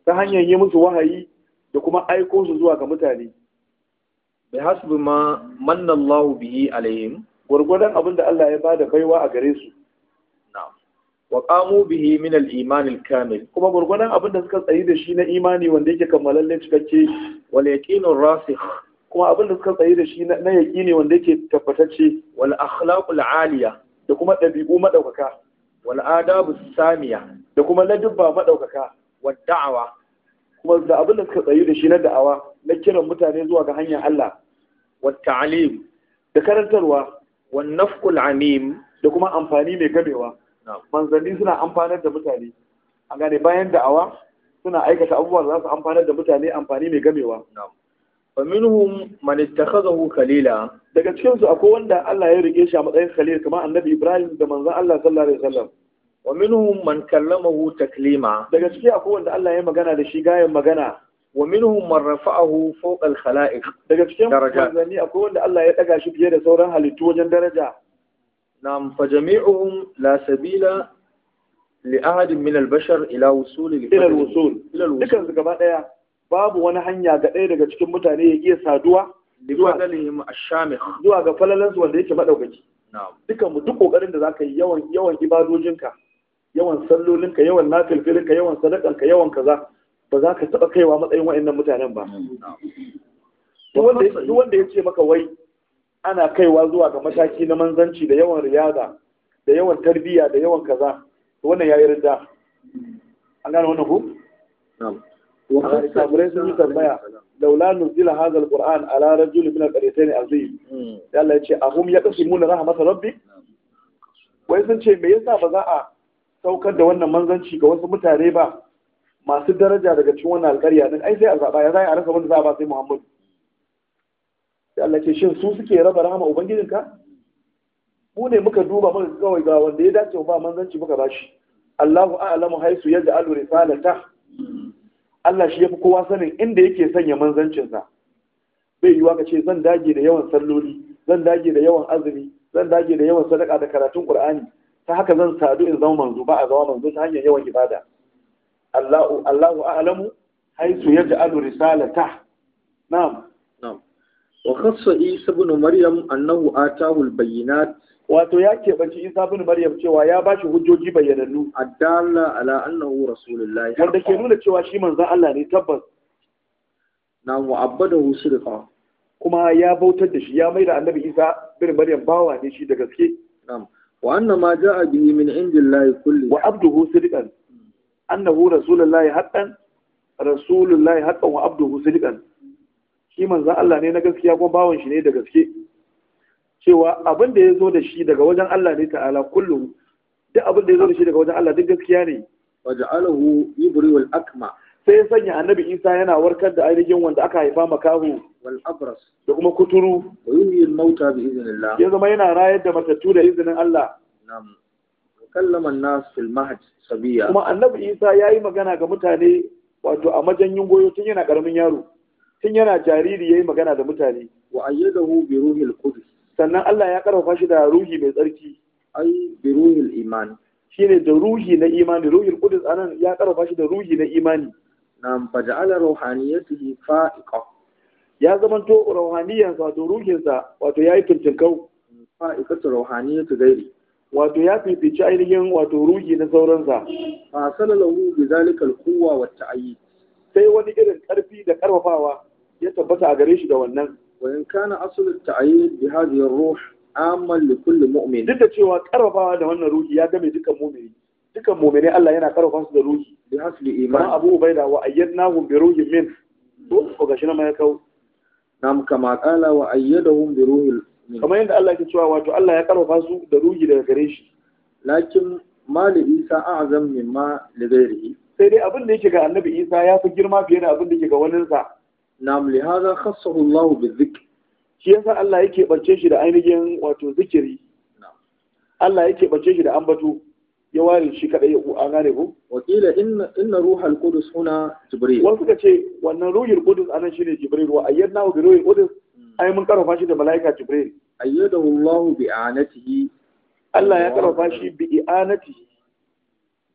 ta hanyar yi musu wahayi da kuma aiko su zuwa ga mutane bi hasbi ma manna Allahu bihi alaihim gurgurdan abin da Allah ya bada baiwa a gare su wa qamu bihi min al-iman al-kamil kuma gurgunan abin da suka tsayi da shi na imani wanda yake kammalalle cikakke wal yaqin rasikh kuma abin da suka tsayi da shi na yaqini wanda yake tabbatacce wal akhlaq al-aliya da kuma dabi'u madaukaka wal adabu samiya da kuma ladubba madaukaka wad da'awa kuma da abin da suka tsayi da shi na da'awa na kiran mutane zuwa ga hanyar Allah wat ta'lim da karantarwa wan nafqul amim da kuma amfani mai gabewa manzanni suna amfanar da mutane a gane bayan da'awa suna aikata abubuwa za su amfanar da mutane amfani mai gamewa faminhum man ittakhadahu khalila daga cikinsu akwai wanda Allah ya rike shi a matsayin khalil kamar annabi Ibrahim da manzan Allah sallallahu alaihi wasallam waminuhun minhum man kallamahu taklima daga ciki akwai wanda Allah ya magana da shi gayan magana wa minhum man rafa'ahu fawqa al-khalaiq daga cikin manzanni akwai wanda Allah ya daga shi fiye da sauran halittu wajen daraja نعم فجميعهم لا سبيل لأحد من البشر إلى وصول إلى الوصول إلى الوصول لكن زكبا ديا باب وانا هنيا ga ɗaya daga cikin mutane ya iya saduwa zuwa galihim ga falalansu wanda yake madaukaki na'am dukan mu duk kokarin da zaka yi yawan ibadojinka yawan sallolinka yawan nafilfilinka yawan sadakanka yawan kaza ba za ka taba kaiwa matsayin wa'annan mutanen ba duk wanda ya ce maka wai ana kaiwa zuwa ga mataki na manzanci da yawan riyaza da yawan tarbiyya da yawan kaza wannan yayi rida. an gane wannan ku kafirai sun yi tambaya laula nuzila hadha alquran ala rajul min alqaryatayn azim hmm. ya Allah yace ahum yaqsimuna rahmat rabbi wai sun ce me yasa ba za a saukar da wannan manzanci ga wasu mutane ba masu daraja daga cikin wannan alƙarya din ai sai a zaba ya za a rasa wanda za a ba sai Muhammadu Allah ce shin su suke raba rahama ubangijinka mu ne muka duba muka kawai ga wanda ya dace ba manzanci muka bashi Allahu a'lamu haisu yaj'alu risalata Allah shi yafi kowa sanin inda yake sanya manzancin sa bai yiwa ka ce zan dage da yawan salloli zan dage da yawan azumi zan dage da yawan sadaka da karatun qur'ani ta haka zan sadu in zama manzo ba a zama manzo ta hanyar yawan ibada Allahu Allahu a'lamu haisu yaj'alu risalata na'am na'am wa عيسى بن مريم maryam annahu البينات al-bayyinat wato ya keɓanci isa bin maryam cewa ya ba shi hujjoji bayyanannu adalla ala annahu rasulullah wanda ke nuna cewa shi manzon Allah ne tabbas na mu'abbadahu shirka kuma ya bautar da shi ya mai da annabi isa bin maryam bawa ne shi da gaske na'am wa anna ma ja'a bihi min indillahi kulli wa abduhu sidqan annahu rasulullah haqqan rasulullah haqqan wa abduhu sidqan shi manzan Allah ne na gaskiya kuma bawan shi ne da gaske cewa abin da ya zo da shi daga wajen Allah ne ta'ala kullum duk abin da ya zo da shi daga wajen Allah duk gaskiya ne waja'alahu yubri wal akma sai ya sanya annabi Isa yana warkar da ainihin wanda aka haifa makahu wal abras da kuma kuturu wa yuhyil mauta bi idhnillah ya zama yana rayar da matattu da izinin Allah na'am kallama an-nas fil mahd sabiya kuma annabi Isa yayi magana ga mutane wato a majanyin goyo tun yana karamin yaro tun yana jariri ya yi magana da mutane wa ayyadahu bi ruhil Kudus. sannan Allah ya karfafa shi da ruhi mai tsarki ai bi ruhil iman shine da ruhi na imani ruhil kudus anan ya karfafa shi da ruhi na imani nam faja'ala ruhaniyatihi fa'iqa ya zama zamanto ruhaniyansa wato ruhinsa wato yayi tuntunkau fa'iqatu ruhaniyatu gairi wato ya fifici ainihin wato ruhi na sauransa fa sanalahu bi zalikal al-quwwa wa ta'ayyid sai wani irin ƙarfi da ƙarfafawa. ya tabbata a gare shi da wannan wa in kana aslul ta'yid bi hadhihi ruh amman li kulli mu'min duk da cewa karfafawa da wannan ruhi ya game dukkan mu'mini dukkan mu'mini Allah yana karfafa da ruhi bi hasli iman Abu Ubaida wa ayyadnahum bi ruhin min to ko gashi na mai kawo nam kama kala wa ayyadahum bi ruhil min kamar yadda Allah ke cewa wato Allah ya karfafa da ruhi daga gare shi lakin ma isa a'zam mimma li ghairihi sai dai abin da yake ga annabi Isa ya fi girma fiye da abin da yake ga waninsa nam li hadha khassahu Allah bi dhikr shi yasa Allah yake barce shi da ainihin wato zikiri Allah yake barce shi da ambato ya ware shi kadai a gane ko wakila inna inna ruhal qudus huna jibril wasu suka ce wannan ruhul qudus anan shine jibril wa ayyadna bi ruhul qudus hmm. ai mun karfafa shi da malaika jibril ayyadahu Allah bi anatihi Allah ya karfafa shi bi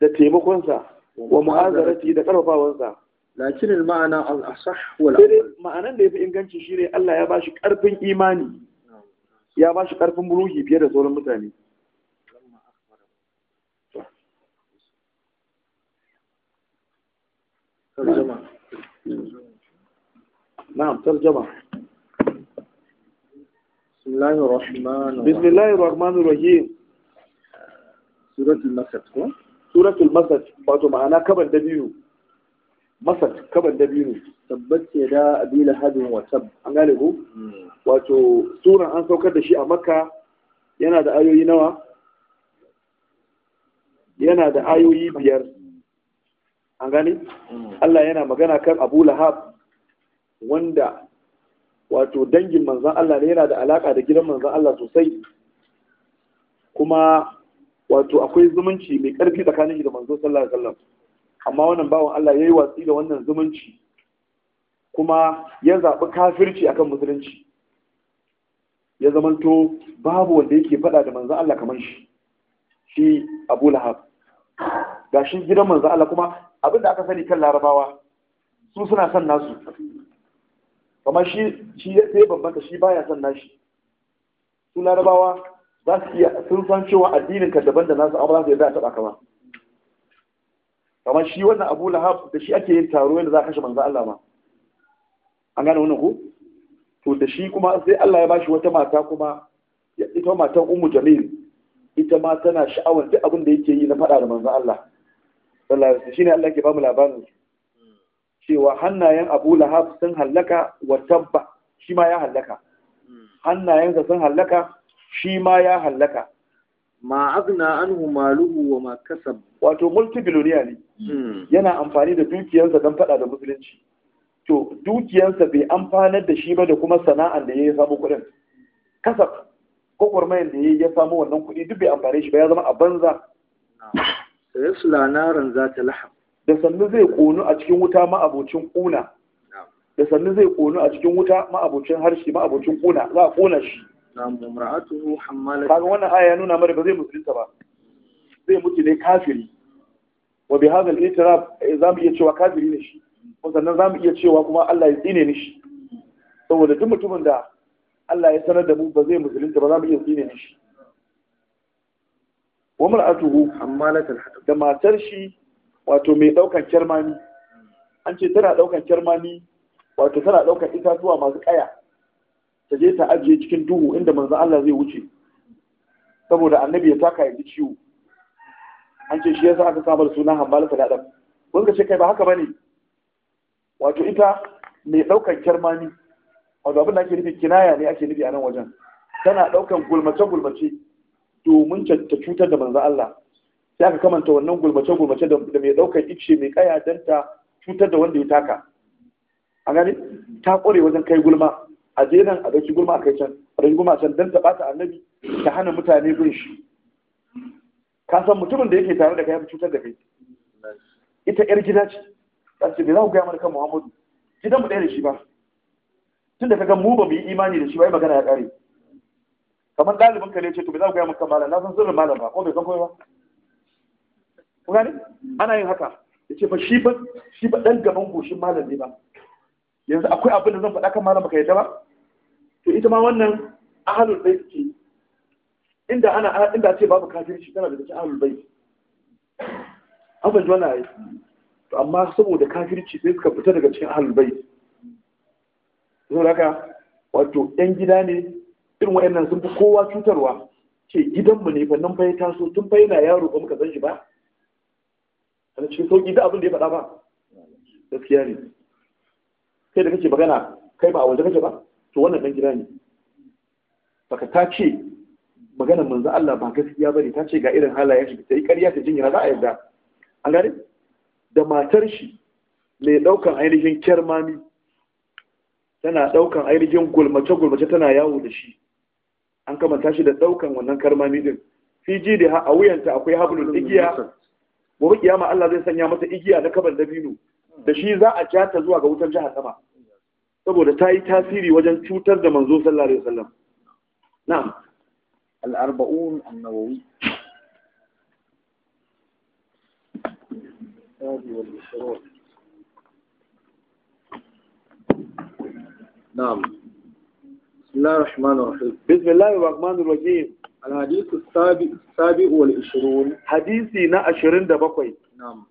da taimakonsa wa mu'azarati da karfafawansa لكن المعنى الأصح هو المعنى اللي في إنجان تشيري الله يباشي قرب إيماني نعم. يباشي قرب ملوهي بيادة طول المتاني ترجمة نعم ترجمة بسم الله الرحمن الرحيم بسم الله الرحمن الرحيم سورة المسجد سورة المسجد بعد معنا كبر دبيو masar kaban dabino tabbace da abila hadin wasab an gane ku wato suran an saukar da shi a makka yana da ayoyi nawa yana da ayoyi biyar an gane Allah yana magana kan Abu Lahab wanda wato dangin manzan Allah ne yana da alaka da gidan manzan Allah sosai kuma wato akwai zumunci mai ƙarfi tsakanin shi da manzo sallallahu alaihi wasallam amma wannan bawan Allah ya yi watsi da wannan zumunci kuma ya zaɓi kafirci akan musulunci ya zamanto babu wanda yake faɗa da manzan Allah kamar shi shi abu lahab ga shi gidan manzan Allah kuma abin da aka sani kan larabawa su suna son nasu kamar shi shi ya sai bambanta shi baya son nashi su larabawa za su iya sun san cewa addinin ka daban da nasu amma za su yarda a taɓa ka kamar shi wannan abu lahab da shi ake yin taro yadda za a kashe manzo Allah ma an gane wannan ko to da shi kuma sai Allah ya bashi wata mata kuma ita matan ummu jamil ita ma tana sha'awar duk abin da yake yi na faɗa da manzo Allah sallallahu alaihi shine Allah ke ba mu labarin cewa hannayen Abu Lahab sun hallaka wa tabba shi ma ya hallaka hmm. hannayensa sun hallaka shi ma ya hallaka ma agna anhu maluhu wa ma kasab wato multibillionaire ne hmm. yana amfani da dukiyarsa don fada da musulunci to dukiyarsa bai amfanar da shi ba da kuma sana'ar da ya samu kuɗin kasab ko gwarmayan da ya samu wannan kuɗi duk bai amfane shi ba ya zama a banza sula naran za ta laha. da sannu zai konu a cikin wuta ma'abocin kuna da sannu zai konu a cikin wuta ma'abocin harshe ma'abocin kuna za a kona shi na'am imra'atuhu hammalat kaga wannan aya nuna mana ba zai musulunta ba zai mutu ne kafiri wa bi hadha al-i'tiraf eh, mu iya cewa kafiri ne shi kuma sannan mu iya cewa kuma Allah ya tsine ne shi saboda duk mutumin da Allah ya sanar da mu ba zai musulunta ba za mu iya tsine ne shi wa mar'atuhu hammalat al-hatab da matar shi wato mai daukan kirmani an ce tana daukan kirmani wato tana daukan itatuwa masu kaya ta je ta ajiye cikin duhu inda manzo Allah zai wuce saboda annabi ya taka ya ji ciwo an ce shi yasa aka saba da suna hambal fadadam wani ka ce kai ba haka bane wato ita mai ɗaukar kyarmani wato abin da ake nufi kinaya ne ake nufi a nan wajen tana ɗaukar gulmace-gulmace domin ta cutar da manzo Allah sai aka kamanta wannan gulmace-gulmace da mai daukar ice mai kaya danta cutar da wanda ya taka a gani ta kore wajen kai gulma a je nan a dauki gulma a kai can a dauki gulma can dan ta annabi ta hana mutane bin shi ka san mutumin da yake tare da kai ya cutar da kai ita yar gida ce ɗan ce bai za ku gaya mana kan Muhammadu gidan mu ɗaya da shi ba tunda ka ga mu ba mu yi imani da shi ba ai magana ya ƙare kamar ɗalibin ka ne ce to bai za ku gaya mana kan malam na san sirrin malam ba ko oh, bai san komai ba ku gani ana yin haka ya ce ba shi ba shi ba ɗan gaban goshin malam ne ba yanzu akwai abin da zan faɗa kan malam baka yadda ba to ita ma wannan ahlul bait ce inda ana inda ce babu shi tana daga cikin ahlul bait an fahimci wannan aiki. to amma saboda kafirci sai suka fita daga cikin ahlul bait saboda haka wato yan gida ne irin wayannan sun fi kowa cutarwa ce gidanmu ne fannin fa ya taso tun fa yana yaro ba muka san shi ba a cikin sauki da abin da ya faɗa ba gaskiya ne kai da kake magana kai ba a waje kake ba to wannan dan gida ne Baka ta ce maganar manzo Allah ba gaskiya bane ta ce ga irin halayen shi sai ƙarya ta jinya za a yarda an gane da matar shi mai daukan ainihin kermami tana daukan ainihin gulmace gulmace tana yawo da shi an kama shi da daukan wannan karmami din fiji da a wuyanta akwai hablul igiya gobe kiyama Allah zai sanya mata igiya na kaban dabino da shi za a ja ta zuwa ga wutar jahannama saboda ta yi tasiri wajen cutar da manzo sallallahu alaihi wasallam na'am al-arba'un an-nawawi نعم بسم الله الرحمن الرحيم بسم الله الرحمن الرحيم الحديث السابع السابع والعشرون حديثي نا عشرين نعم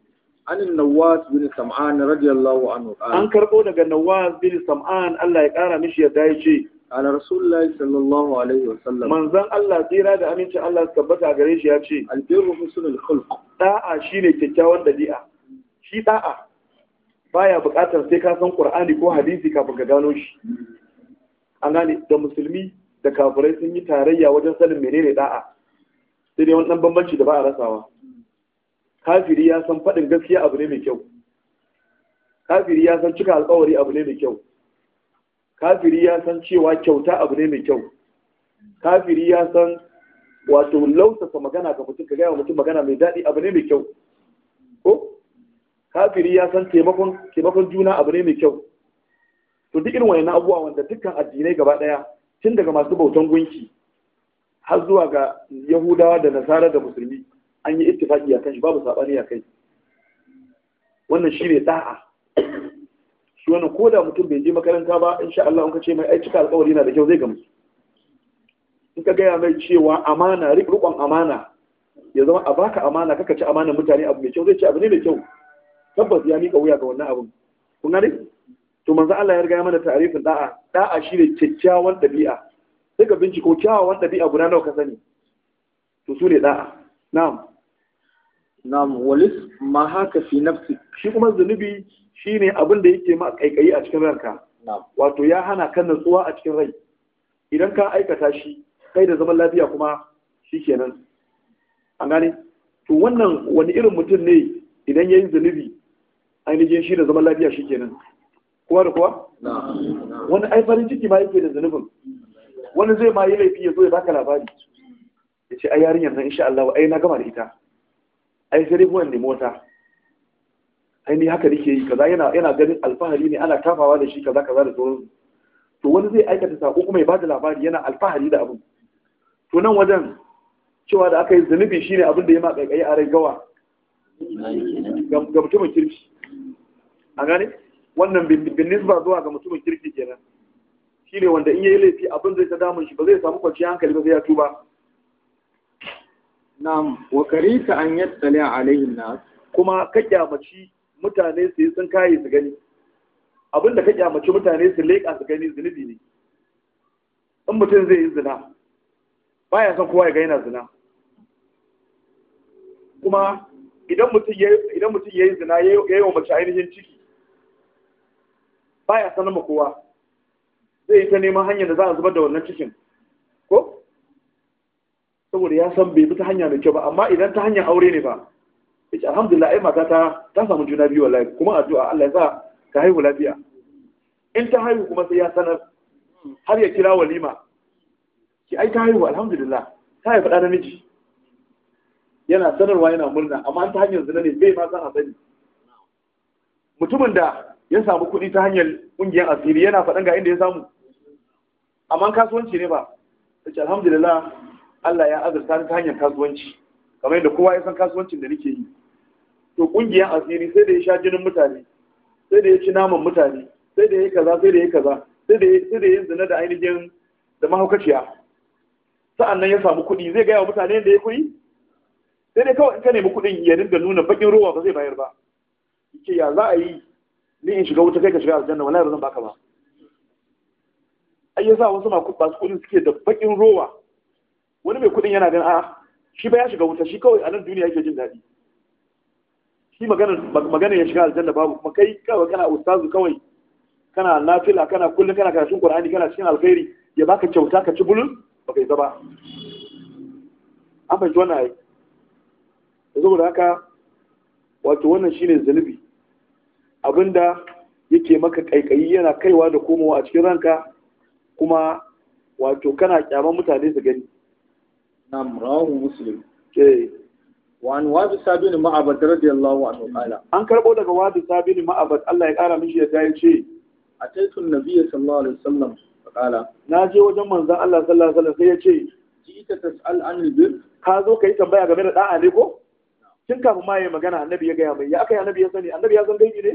Anin النواس بن سمعان رضي الله عنه قال آه. أن كربو دغ النواس بن سمعان الله يقرا مشي يدايشي على رسول الله صلى الله عليه وسلم من زن الله تيرا دا امينci Allah tabbata gare shi yace albirru husnul khulq da'a shine kyakkyawan dabi'a shi da'a baya buƙatar sai ka san Qur'ani ko hadisi kafin ka gano shi an da musulmi da kafurai sun yi tarayya wajen sanin menene da'a sai dai wani dan bambanci da ba a rasawa kafiri ya san faɗin gaskiya abu ne mai kyau kafiri ya san cika alkawari abu ne mai kyau kafiri ya san cewa kyauta abu ne mai kyau kafiri ya san wato lausasa magana ga mutum ka gaya wa mutum magana mai daɗi abu ne mai kyau ko kafiri ya san taimakon taimakon juna abu ne mai kyau to duk irin wayannan abubuwa wanda dukkan addinai gaba ɗaya tun daga masu bautan gunki har zuwa ga yahudawa da nasara da musulmi an yi ittifaki a kan shi babu saɓani a kai wannan shi ne ɗa'a. shi wannan ko da mutum bai je makaranta ba in sha Allah ka ce mai ai cika alƙawari yana da kyau zai gamsu in ka gaya mai cewa amana riƙon amana ya zama a baka amana kaka ci amana mutane abu mai kyau zai ce abu ne mai kyau tabbas ya mika wuya ga wannan abun kun gane to manzo Allah ya riga mana ta'arifin da'a da'a shine kyakkyawan dabi'a sai ka binciko kyawawan dabi'a guda nawa ka sani to su ne da'a na'am na'am walis ma haka fi nafsi shi kuma zunubi shine abin da yake ma kaikayi a cikin ranka wato ya hana kan nutsuwa a cikin rai idan ka aikata shi kai da zaman lafiya kuma shikenan an gane to wannan wani irin mutum ne idan yayin zunubi ainihin shi da zaman lafiya shikenan kowa da kowa wani ai farin ciki ma yake da zunubin wani zai ma yi laifi ya zo ya baka labari ya ce ai yarinyar nan insha Allah ai na gama da ita ai sai dai huwan nemi mota. ai ni haka nake yi kaza yana yana ganin alfahari ne ana tafawa da shi kaza kaza da sauransu to wani zai aikata sako kuma ya bada labari yana alfahari da abin to nan wajen cewa da aka yi zunubi shine abin da ya ma kaikayi a rai gawa ga mutumin kirki a gane wannan bin nisba zuwa ga mutumin kirki kenan shine wanda in yayi laifi abin zai ta damun shi ba zai samu kwanciyar hankali ba zai ya tuba Na'am, wa karita an yattali alaihin nas. Kuma ka kyamaci mutane su yi tsinkaye su gani. Abin da ka kyamaci mutane su leƙa su gani zunubi ne. In mutum zai yi zina, baya son kowa ya ga yana zina. Kuma idan mutum ya yi zina ya yi wa mace ainihin ciki, baya sanar ma kowa. Zai yi ta neman hanyar da za a zubar da wannan cikin. saboda ya san bai fita hanya mai kyau ba amma idan ta hanyar aure ne ba ce alhamdulillah ai mata ta ta samu juna biyu wallahi kuma addu'a Allah ya sa ka haihu lafiya in ta haihu kuma sai ya sanar har ya kira walima ki ai ta haihu alhamdulillah ta haifa da namiji yana sanarwa yana murna amma ta hanyar zina ne bai ma san a sani mutumin da ya samu kuɗi ta hanyar ƙungiyar asiri yana faɗan ga inda ya samu amma kasuwanci ne ba ta ce alhamdulillah Allah ya azurta ni ta hanyar kasuwanci kamar yadda kowa ya san kasuwancin da nake yi to kungiyar asiri sai da ya sha jinin mutane sai da ya ci naman mutane sai da ya yi kaza sai da ya yi kaza sai da ya yi zina da ainihin da mahaukaciya sa'an nan ya samu kuɗi zai gaya wa mutane da ya kuɗi sai dai kawai in ka nemi kuɗin ya dinga nuna baƙin ruwa ba zai bayar ba ce ya za a yi ni in shiga wuta kai ka shiga aljanna wallahi ba zan baka ba ai sa wasu ma masu kuɗin suke da baƙin ruwa wani mai kudin yana gan'a, a shi ba ya shiga wuta shi kawai a nan duniya yake jin daɗi shi magana ya shiga aljanna babu kuma kai kawai kana ustazu kawai kana nafila kana kullum kana karatun qur'ani kana cikin alkhairi ya baka kyauta ka ci bulun ba yi zaba an fahimci wannan ai saboda haka wato wannan shine zalibi abinda yake maka kaikayi yana kaiwa da komowa a cikin ranka kuma wato kana kyaman mutane su gani nam rawahu muslim eh wa an wabi sabin ma'abad radiyallahu anhu qala an karbo daga wabi sabin ma'abad Allah ya kara mishi yadda ya ce ataitu nabiyyi sallallahu alaihi wasallam qala na je wajen manzon Allah sallallahu alaihi wasallam sai ya ce ita tas'al anil bir ka zo kai tambaya game da da'a ne ko tun kafin ma yayi magana annabi ya gaya mai ya aka yi annabi ya sani annabi ya san gaibi ne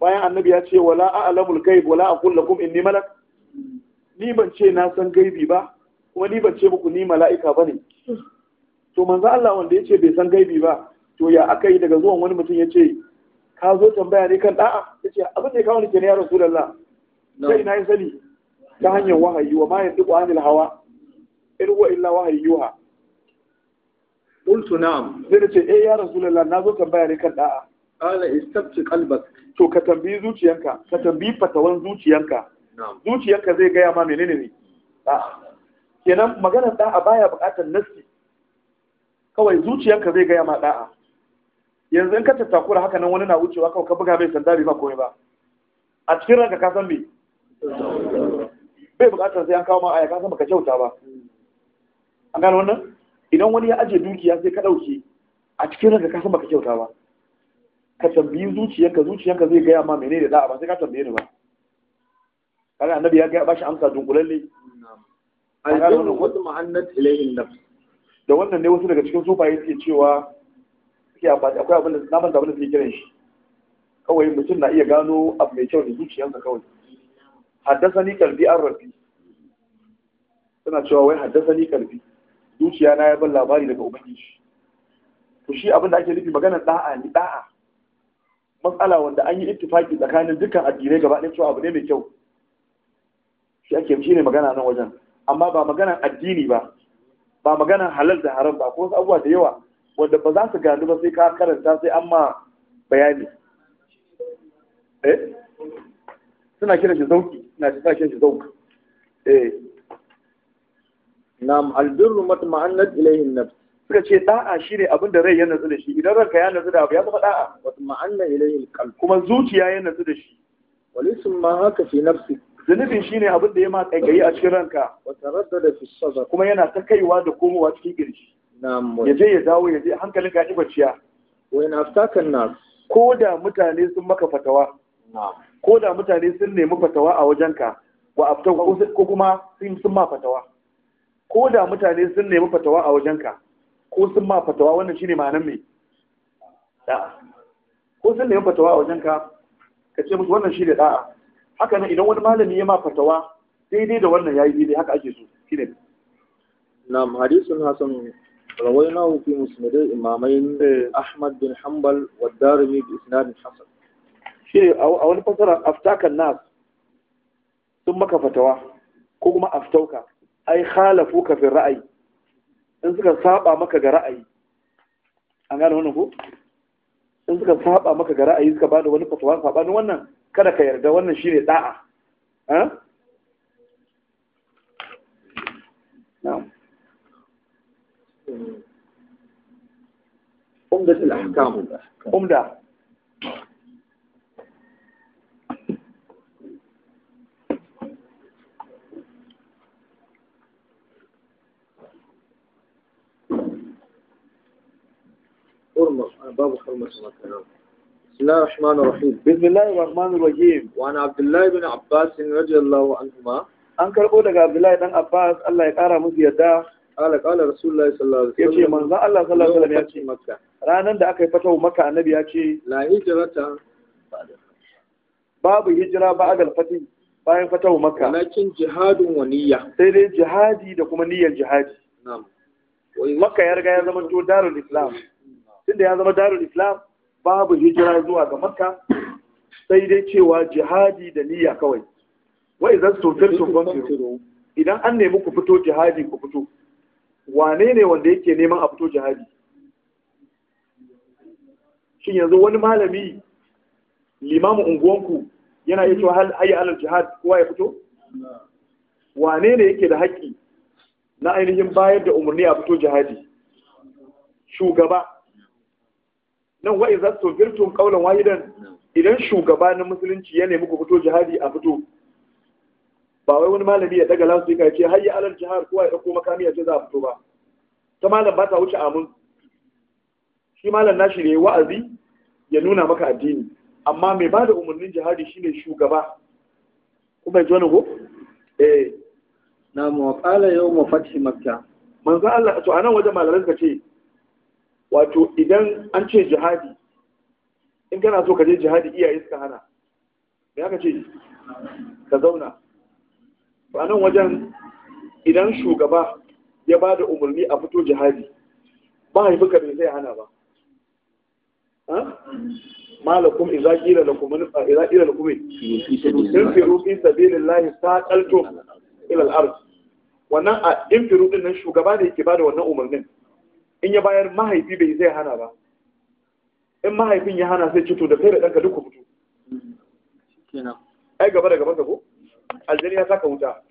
bayan annabi ya ce wala a'lamul ghaib wala aqul lakum inni malak ni ban ce na san gaibi ba kuma ni ban ce muku ni mala'ika bane to manzo Allah wanda yace bai san gaibi ba to ya aka yi daga zuwan wani mutum yace ka zo tambaya ne kan da'a yace abin da ya kawo ni ne ya rasulullah sai na yi sani ta hanyar wahayi wa ma yanzu anil hawa in huwa illa wahayi qultu na'am sai nace eh ya rasulullah na zo tambaya ne kan da'a qala istabti qalbak to ka tambayi zuciyanka ka tambayi fatawan zuciyanka zuciyanka zai gaya ma menene ne da'a kenan maganar da'a baya bukatar nassi kawai zuciyarka zai gaya ma da'a yanzu in ka tattakura haka nan wani na wucewa kawai ka buga mai sanda bai ba komai ba a cikin ranka ka san me bai buƙatar sai an kawo ma aya ka san baka kyauta ba an gano wannan idan wani ya aje dukiya sai ka dauke a cikin ranka ka san baka kyauta ba ka tambayi zuciyarka zuciyarka zai gaya ma menene da'a ba sai ka tambaye ni ba kaga annabi ya ga bashi amsa dunkulalle aljannu wata ma'annat ilayhin nafs da wannan ne wasu daga cikin sufaye suke cewa suke amfani akwai abin da na banza abin da suke kiran shi kawai mutum na iya gano abu mai kyau da zuciyarsa kawai haddasa ni kalbi an rafi suna cewa wai haddasa ni kalbi zuciya na ya ban labari daga ubangiji to shi abin da ake nufi maganar da'a ni da'a matsala wanda an yi ittifaki tsakanin dukkan addinai gaba ɗaya cewa abu ne mai kyau shi ake shi ne magana nan wajen amma ba maganan addini ba ba maganan halal da haram ba ko wasu abubuwa da yawa wanda ba za su gani ba sai ka karanta sai an ma bayani eh? suna kiran shi zauki na shi sake shi zauki Na eh. nam albirru matma'annat ilayhi an-nafs suka ce da'a shine abin da rai ya natsu da shi idan ranka ya natsu da abu ya zama da'a matma'anna ilayhi qalb kuma zuciya ya natsu da shi walisun ma haka fi nafsi zunubin shi ne abin da ya ma gari a cikin ranka kuma yana ta kaiwa da komowa cikin girji. ya je ya dawo ya je hankalin ka ibaciya ko da mutane sun maka fatawa ko da mutane sun nemi fatawa a wajenka wa afta ko kuma sun ma fatawa ko da mutane sun nemi fatawa a wajenka ko sun ma fatawa wannan shine ma'anar me ko sun nemi fatawa a wajenka ka ce musu wannan shi ne da'a haka nan idan wani malami ya ma fatawa daidai da wannan yayi daidai haka ake so shine na'am hadisun hasan rawainahu fi musnadil imamain eh. ahmad bin hanbal wa darimi bi isnad hasan shi a wani fasara aftakan nas sun maka fatawa ko kuma aftauka ai ka fi ra'ayi in suka saba maka ga ra'ayi an gane wannan ko in suka saba maka ga ra'ayi suka bada wani fatawa sabanin wannan kada ka yarda wannan shine da'a ha na'am umda al-ahkam umda باب حرمة الكلام بسم الله الرحمن الرحيم بسم الله الرحمن الرحيم عبد الله بن عباس رضي الله عنهما an karɓo daga Abdullahi dan Abbas Allah ya ƙara musu yadda qala qala rasulullahi sallallahu alaihi wasallam yace manzo Allah sallallahu alaihi wasallam ya ce makka ranan da aka yi fatahu makka annabi ya ce la hijrata babu hijira ba agal fatih bayan fatahu makka lakin jihadun waniya. sai dai jihadi da kuma niyyar jihadi na'am ya riga ya zama darul islam tunda ya zama darul islam babu hijira zuwa ga makka sai dai cewa jihadi da niyya kawai wa idan sofir sun idan an nemi ku fito jihadi ku fito wane ne wanda yake neman a fito jihadi shin yanzu wani malami limamin unguwanku yana iya cewa hal alal jihad kowa ya fito wane ne yake da haƙƙi na ainihin bayar da umarni a fito jihadi shugaba nan wa idza tubirtum kaulan wahidan idan shugaba na musulunci ya nemi ku fito jihadi a fito ba wai wani malami ya daga lasu ya ce hayya alal jihar kowa ya dauko makami ya ce za a fito ba ta malam ba ta wuce amin shi malam nashi ne wa'azi ya nuna maka addini amma mai bada umarnin jihadi shine shugaba kuma ji wani ko eh na mu qala yawm fathi makkah manzo Allah to anan wajen malaman ka ce wato idan an ce jihadi in kana so ka je jihadi iyaye suka hana ya aka ce ka zauna ba nan wajen idan shugaba ya ba da umarni a fito jihadi ba ka bai zai hana ba malakum kuma nufa lakum da kuma lakum infiru fi sabilillahi ta kalto ilal arz. wannan a infiru din nan shugaba ne ba bada wannan umarnin in ya bayar mahaifi bai zai hana ba in mahaifin ya hana sai cuto da kai da ɗanka duka fito ai gaba da gaba ka ko aljani ya saka wuta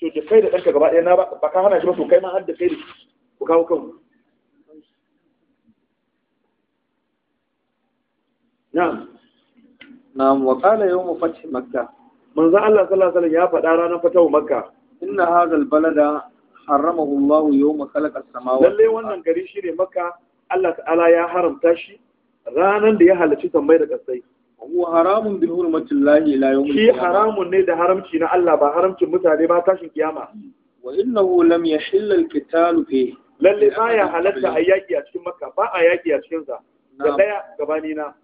to da kai da ɗanka gaba ɗaya na ba ka hana shi ba to kai ma har da kai da ku kawo kanku na'am na'am wa qala yawm fath makkah manzo Allah sallallahu alaihi wasallam ya faɗa ranar fatahu makka inna hadha albalada haramahu Allah yawma khalaqa as-samawati lalle wannan gari shine maka. Allah ta'ala ya haramta shi ranan da ya halarci tambayi da kasai Wa haramun bi hurmati Allah ila yawmi shi haramun ne da haramci na Allah ba haramcin mutane ba tashin kiyama wa innahu lam yahill al-qital fi lalle ya halatta a yaki a cikin Makka ba a yaki a cikin sa da daya gabani na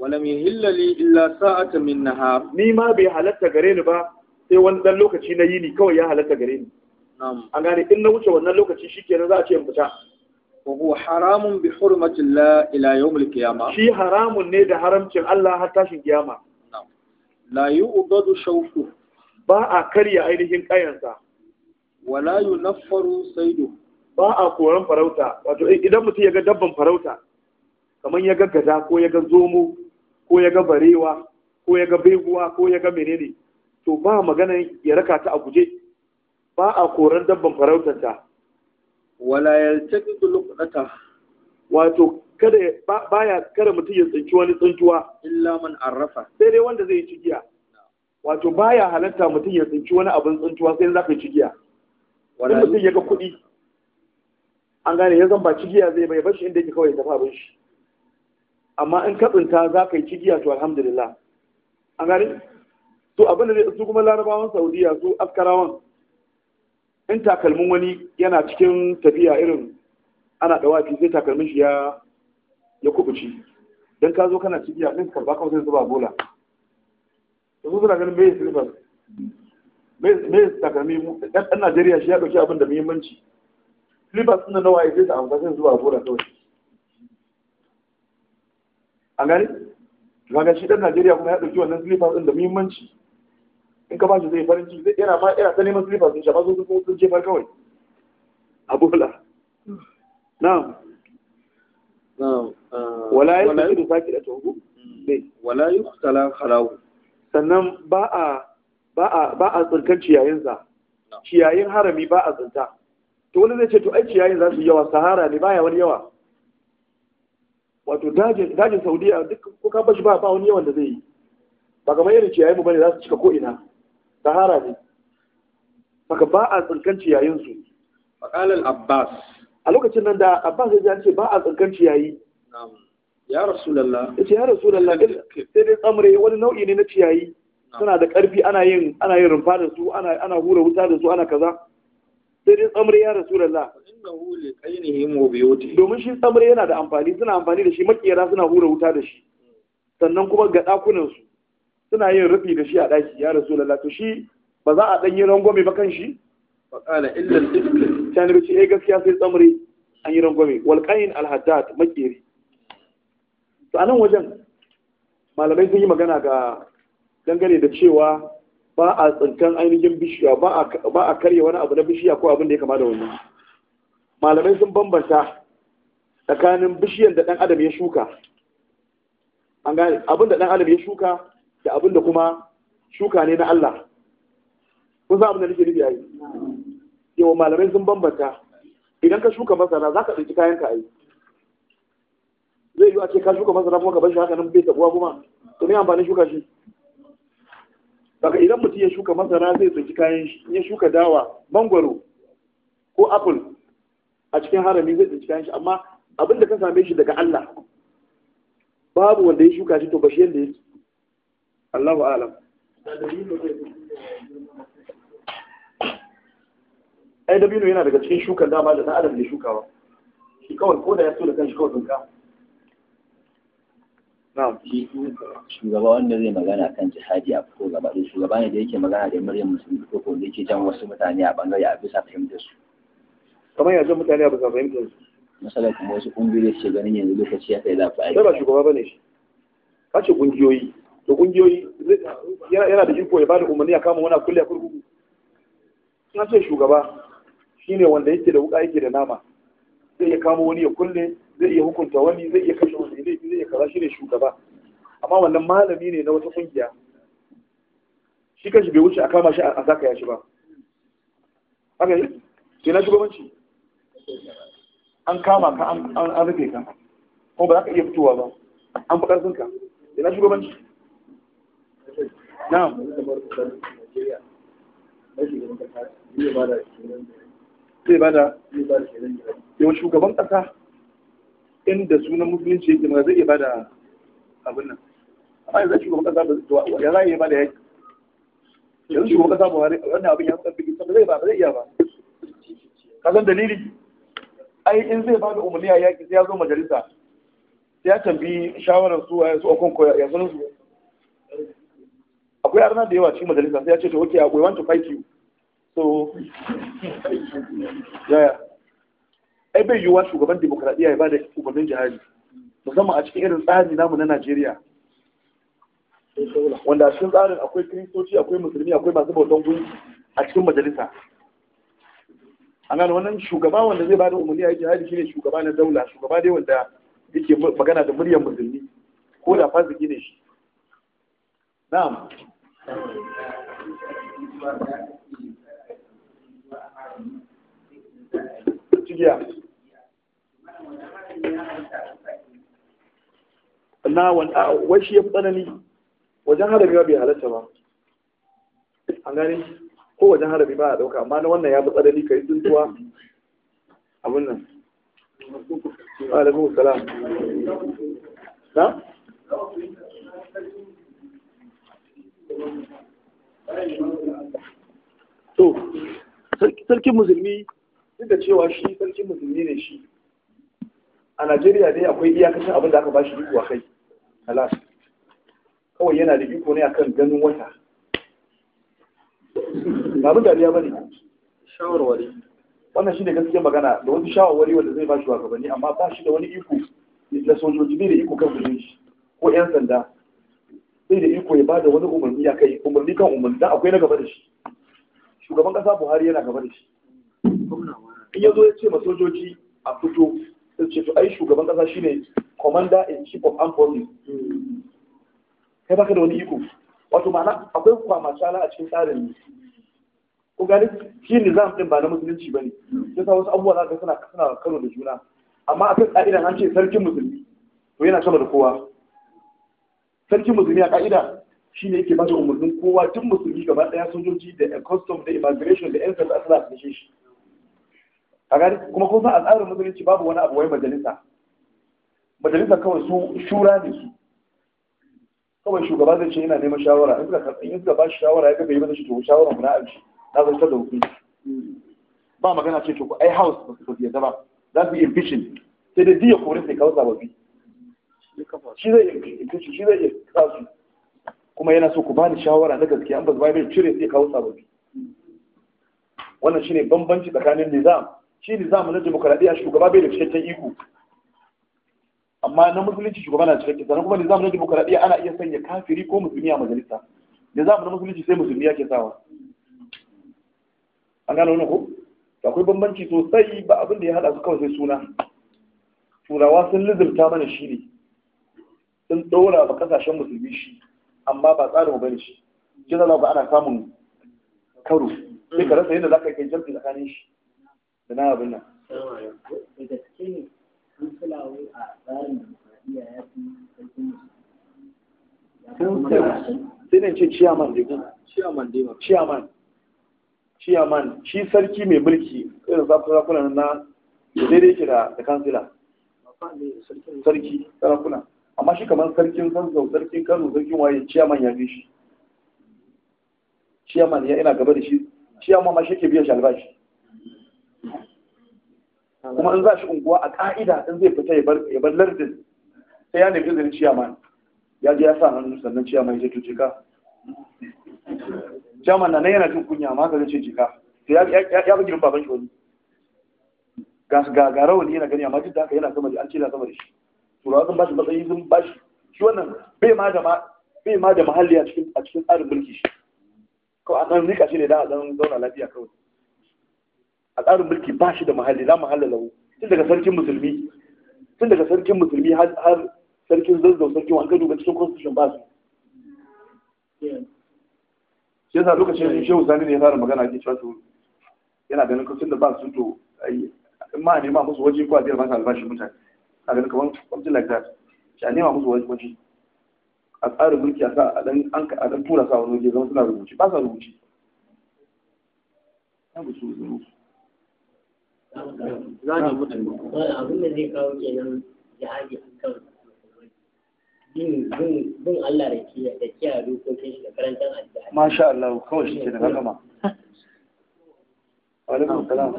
ولم يهل لي إلا ساعة من نهار ني ما بي حالتا غريني با sai wani dan lokaci na yini kawai ya halatta gare ni A gane in na wuce wannan lokaci shi shikenan za a ce in fita wa haramun bi hurmati la ila yawmil qiyama shi haramun ne da haramcin Allah har tashin kiyama la yu'dadu shawku ba a karya ainihin kayansa wala sai saidu ba a koran farauta wato idan mutum ya ga dabban farauta kamar ya ga gaza ko ya ga zomo ko ya ga barewa ko ya ga beguwa ko ya ga menene to ba magana ya raka ta a guje ba a koran dabban farautanta wala yaltaqitu luqata wato kada ba ya kada mutum ya tsinci wani tsintuwa illa man arrafa sai dai wanda zai yi cigiya wato baya halatta mutum ya tsinci wani abin tsintuwa sai zaka yi cigiya wala mutum ya ga kuɗi an gane ya zan ba cigiya zai bai bashi inda yake kawai tafi abin shi amma in ka tsinta za ka yi cigiya to alhamdulillah an gane to abin da su kuma larabawan saudiya su askarawan in takalmin wani yana cikin tafiya irin ana dawafi sai takalmin shi ya ya kubuci dan ka zo kana cikiya din karɓa kawai sai zuba bola su suna ganin mai silver mai takalmi ɗan Najeriya shi ya ɗauki abin da muhimmanci silver sun da nawa ya sai ta amfani zuwa bola kawai a gani ga shi ɗan Najeriya kuma ya ɗauki wannan silver ɗin da muhimmanci in ka bashi zai farin ciki yana ma yana ta neman slippers din shafa sun sun jefar kawai a bola na'am ah, wala yi su ido saki da togo hmm, wala yi su tala harawu sannan ba a ba a ciyayinsa ciyayin harami ba a tsinta to wani zai ce to ai ciyayin za su yawa sahara ne baya wani yawa wato dajin saudiya duk kuka bashi ba ba wani yawan da zai yi ba kamar irin ciyayin mu bane za su cika ko ina sahara ne saka ba a tsinkan yayin su faqala abbas a lokacin nan da abbas ya ce ba a tsinkan ciyayi na'am ya rasulullah yace ya rasulullah sai dai tsamre wani nau'i ne na ciyayi suna da karfi ana yin ana yin rumfa da su ana ana hura wuta da su ana kaza sai dai tsamre ya rasulullah innahu li qainihi wa domin shi tsamre yana da amfani suna amfani da shi makiyara suna hura wuta da shi hmm. sannan kuma ga dakunan su suna yin rufi da shi a ɗaki ya rasu to shi ba za a ɗan yi rangwame ba kan shi faƙala illar ifk ta ne ce eh gaskiya sai tsamuri an yi rangwame Walƙayin alhaddad makeri to anan wajen malamai sun yi magana ga dangane da cewa ba a tsinkan ainihin bishiya ba a karya wani abu na bishiya ko abin da ya kama da wani. malamai sun bambanta tsakanin bishiyan da ɗan adam ya shuka an gane abin da ɗan adam ya shuka da abin da kuma shuka ne na Allah kun sa abin da nake nufi yi yawa malamai sun bambanta idan ka shuka masara za ka ɗauki kayan ka yi zai yi a ce ka shuka masara kuma ka bar shi haka nan bai tabuwa kuma to ne amfanin shuka shi daga idan mutum ya shuka masara zai ɗauki kayan shi ya shuka dawa mangwaro ko apple a cikin harami zai ɗauki kayan shi amma abin da ka same shi daga Allah babu wanda ya shuka shi to bashi yanda yake Allahu alam ai dabino yana daga cikin shukar dama da adam ke shukawa shi kawai ko da ya so da kanshi kawai tsinka shugaba wanda zai magana kan jihadi a ko gaba da shugaba ne da yake magana da muryar musulmi ko ko da yake jan wasu mutane a bangare a bisa fahimtar su kamar yanzu mutane a bisa fahimtar su misalin kuma wasu kungiyoyi ce, ganin yanzu lokaci ya kai za a fi aiki sai ba shugaba bane shi ka ce kungiyoyi to kungiyoyi yana da iko ya bada umarni a kama wani kulle a kurkuku suna ce shugaba shine wanda yake da wuka yake da nama zai iya kama wani ya kulle zai iya hukunta wani zai iya kashe wani zai iya kaza shine shugaba amma wannan malami ne na wata kungiya shi kanshi bai wuce a kama shi a saka ya shi ba haka yi sai na shugabanci an kama ka an rufe ka kuma ba za ka iya fitowa ba an fi ka, sai na shugabanci na'am zai bada yawan shugaban kasa inda sunan musulunci yake ma zai iya bada abin nan amma yanzu shugaban kasa ba ya za iya bada yaki yanzu shugaban kasa ba wannan abin ya tsabbi ita ba zai ba zai iya ba ka san dalili ai in zai bada umarni a yaki sai ya zo majalisa sai ya tambayi shawarar su a yanzu a kan koya ya su akwai arna da yawa cikin majalisa sai ya ce to okay we want to fight you so yaya ai bai yiwuwa shugaban demokradiyya ya bada umarnin jihari musamman a cikin irin tsari namu na Najeriya wanda a cikin tsarin akwai kiristoci akwai musulmi akwai masu bautan gudu a cikin majalisa an gano wannan shugaba wanda zai bada umarni a jihari shine shugaba na daula shugaba dai wanda yake magana da muryar musulmi ko da fasiki ne shi na'am cigiya na wai shi ya tsanani wajen harabi ba bai halatta ba an gani ko wajen harabi ba a dauka amma na wannan ya fi tsanani kai tsuntuwa abin nan alaikum salam na to sarkin musulmi duk da cewa shi sarkin musulmi ne shi a najeriya dai akwai iyakacin abin da aka ba shi duk a kai halas kawai yana da iko ne akan ganin wata abin dariya bane shawarwari wannan shi ne gaskiyar magana da wasu shawarwari wanda zai ba shi wa gabani amma ba shi da wani iko na sojoji ne da iko kan shi ko 'yan sanda sai da iko ya bada wani umarni ya kai umarni kan umarni dan akwai na gaba da shi shugaban kasa Buhari yana gaba da shi in ya zo ya ce ma sojoji a fito sai ce to ai shugaban kasa shine commander in chief of armed forces kai baka da wani iko wato ma'ana akwai kwamasala a cikin tsarin ko gani shi nizam din ba na musulunci ba ne. Ya sa wasu abubuwa za ka suna karo da juna amma a kan ƙa'idan an ce sarkin musulmi to yana sama da kowa sarki musulmi a ka'ida shi ne yake bada umarnin kowa tun musulmi gaba ɗaya sojoji da custom da immigration da yan sanda asala da shi a gani kuma kun san al'adar musulunci babu wani abu wai majalisa majalisa kawai su shura ne su kawai shugaba zai ce yana neman shawara in suka karɓi in suka ba shi shawara ya kafa yi masa shi to shawara mu na amshi na zai da hukunci ba magana ce to ai house ba su yarda ba za su yi impeachment sai dai diya kore sai kawo sababbi shi zai intuci shi zai kawo su kuma yana so ku bani shawara na gaskiya an ba zuwa bai cire sai kawo sababbi wannan shine bambanci tsakanin nizam shi nizam na demokradiyya shugaba bai da cikakken iko amma na musulunci shugaba na cikakken sannan kuma nizam na demokradiyya ana iya sanya kafiri ko musulmi a majalisa nizam na musulunci sai musulmi yake sawa an gano wani ko akwai bambanci sosai ba abin da ya hada su kawai sai suna turawa sun lizurta mana shi ne sun ɗora ba kasashen musulmi shi amma ba tsarin ba shi shi za ba ana samun karo sai ka rasa yadda za ka kai jamfi tsakanin shi da na abin nan. Da gaske ne a tsarin demokradiyya ya fi sarkin Sai ne ce ciyaman da Ciyaman dai Ciyaman. Ciyaman shi sarki mai mulki irin zakuna na daidai yake da kansila. Sarki, sarakuna. amma shi kamar sarkin sassau sarkin kano sarkin waye ciyaman ya fi shi ciyaman ya ina gaba da shi ciyaman ma shi ke biyan shi albashi kuma in za shi unguwa a ka'ida in zai fita ya bar lardin sai ya nufi zai ciyaman ya ji ya sa hannu sannan ciyaman ya ce jika ciyaman na nan yana jin kunya ma ka zai ce jika sai ya bugi girin baban shi wani ga rawani yana gani amma duk da haka yana sama da an ce da sama da shi turawa ba bashi matsayi sun ba shi wannan bai ma da mahalli a cikin a cikin tsarin mulki shi kawai a nan rika shi ne da a ɗan zauna lafiya kawai a tsarin mulki ba shi da mahalli na mahalla lahu tun daga sarkin musulmi tun daga sarkin musulmi har sarkin zazzau sarkin wanka duba cikin constitution ba su shi yasa lokacin shehu sani ne ya fara magana ake cewa su yana ganin kusur da ba su to in ma a nema musu waje ko a biyar su albashin mutane a ganin kamar something like that shi a nema musu wani waje a tsara mulki a sa a dan an dan tura sa wani waje zama suna rubuci ba sa rubuci bu su mutane abin da zai kawo kenan jihadi akan bin Allah da kiyaye da kiyaye dokokin shi da karantar Allah kawai shi alaikum salam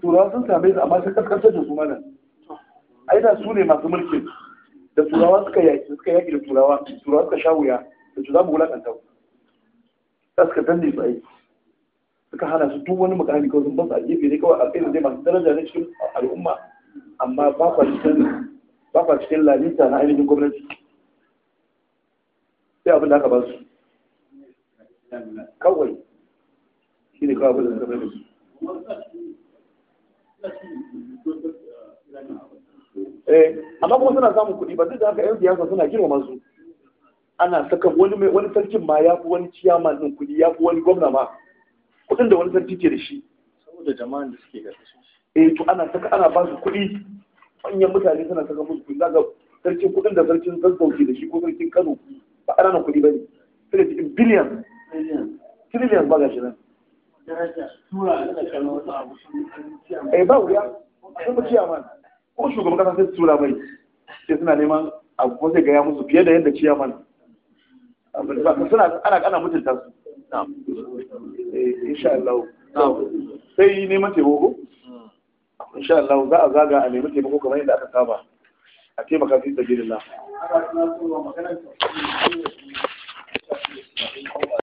turawa sun same su amma sun kaskantar da su mana ai da su ne masu mulkin da turawa suka yaki suka yaki da turawa turawa suka sha wuya da su za mu wulakanta su ta suka danne su ai suka hana su duk wani mukami kawai sun basu a gefe ne kawai alƙairi ne masu daraja ne cikin al'umma amma ba kwa cikin ba kwa cikin lalita na ainihin gwamnati sai abin da aka ba su kawai shi ne kawai abin da suka bai su Eh, amma kuma suna samun kuɗi ba duk da haka 'yan siyasa suna girmama su ana saka wani wani sarkin ma ya fi wani ciyaman ɗin kuɗi ya fi wani gwamna ma kuɗin da wani sarki ke da shi saboda jama'an da suke da shi eh to ana saka ana ba su kuɗi manyan mutane suna saka musu kuɗi zaka sarkin kuɗin da sarkin zazzauki da shi ko sarkin Kano ba ana kuɗi ba ne sai da cikin biliyan trillion ba ga shi nan Eh, ko shugaban kasa sai tura mai sai suna neman abu gaya musu fiye da yadda suna ana mutunta su eh, insha Allah sai neman taimako insha Allah za a zaga a nemi taimako kamar yadda aka saba a taimaka fi sabilillah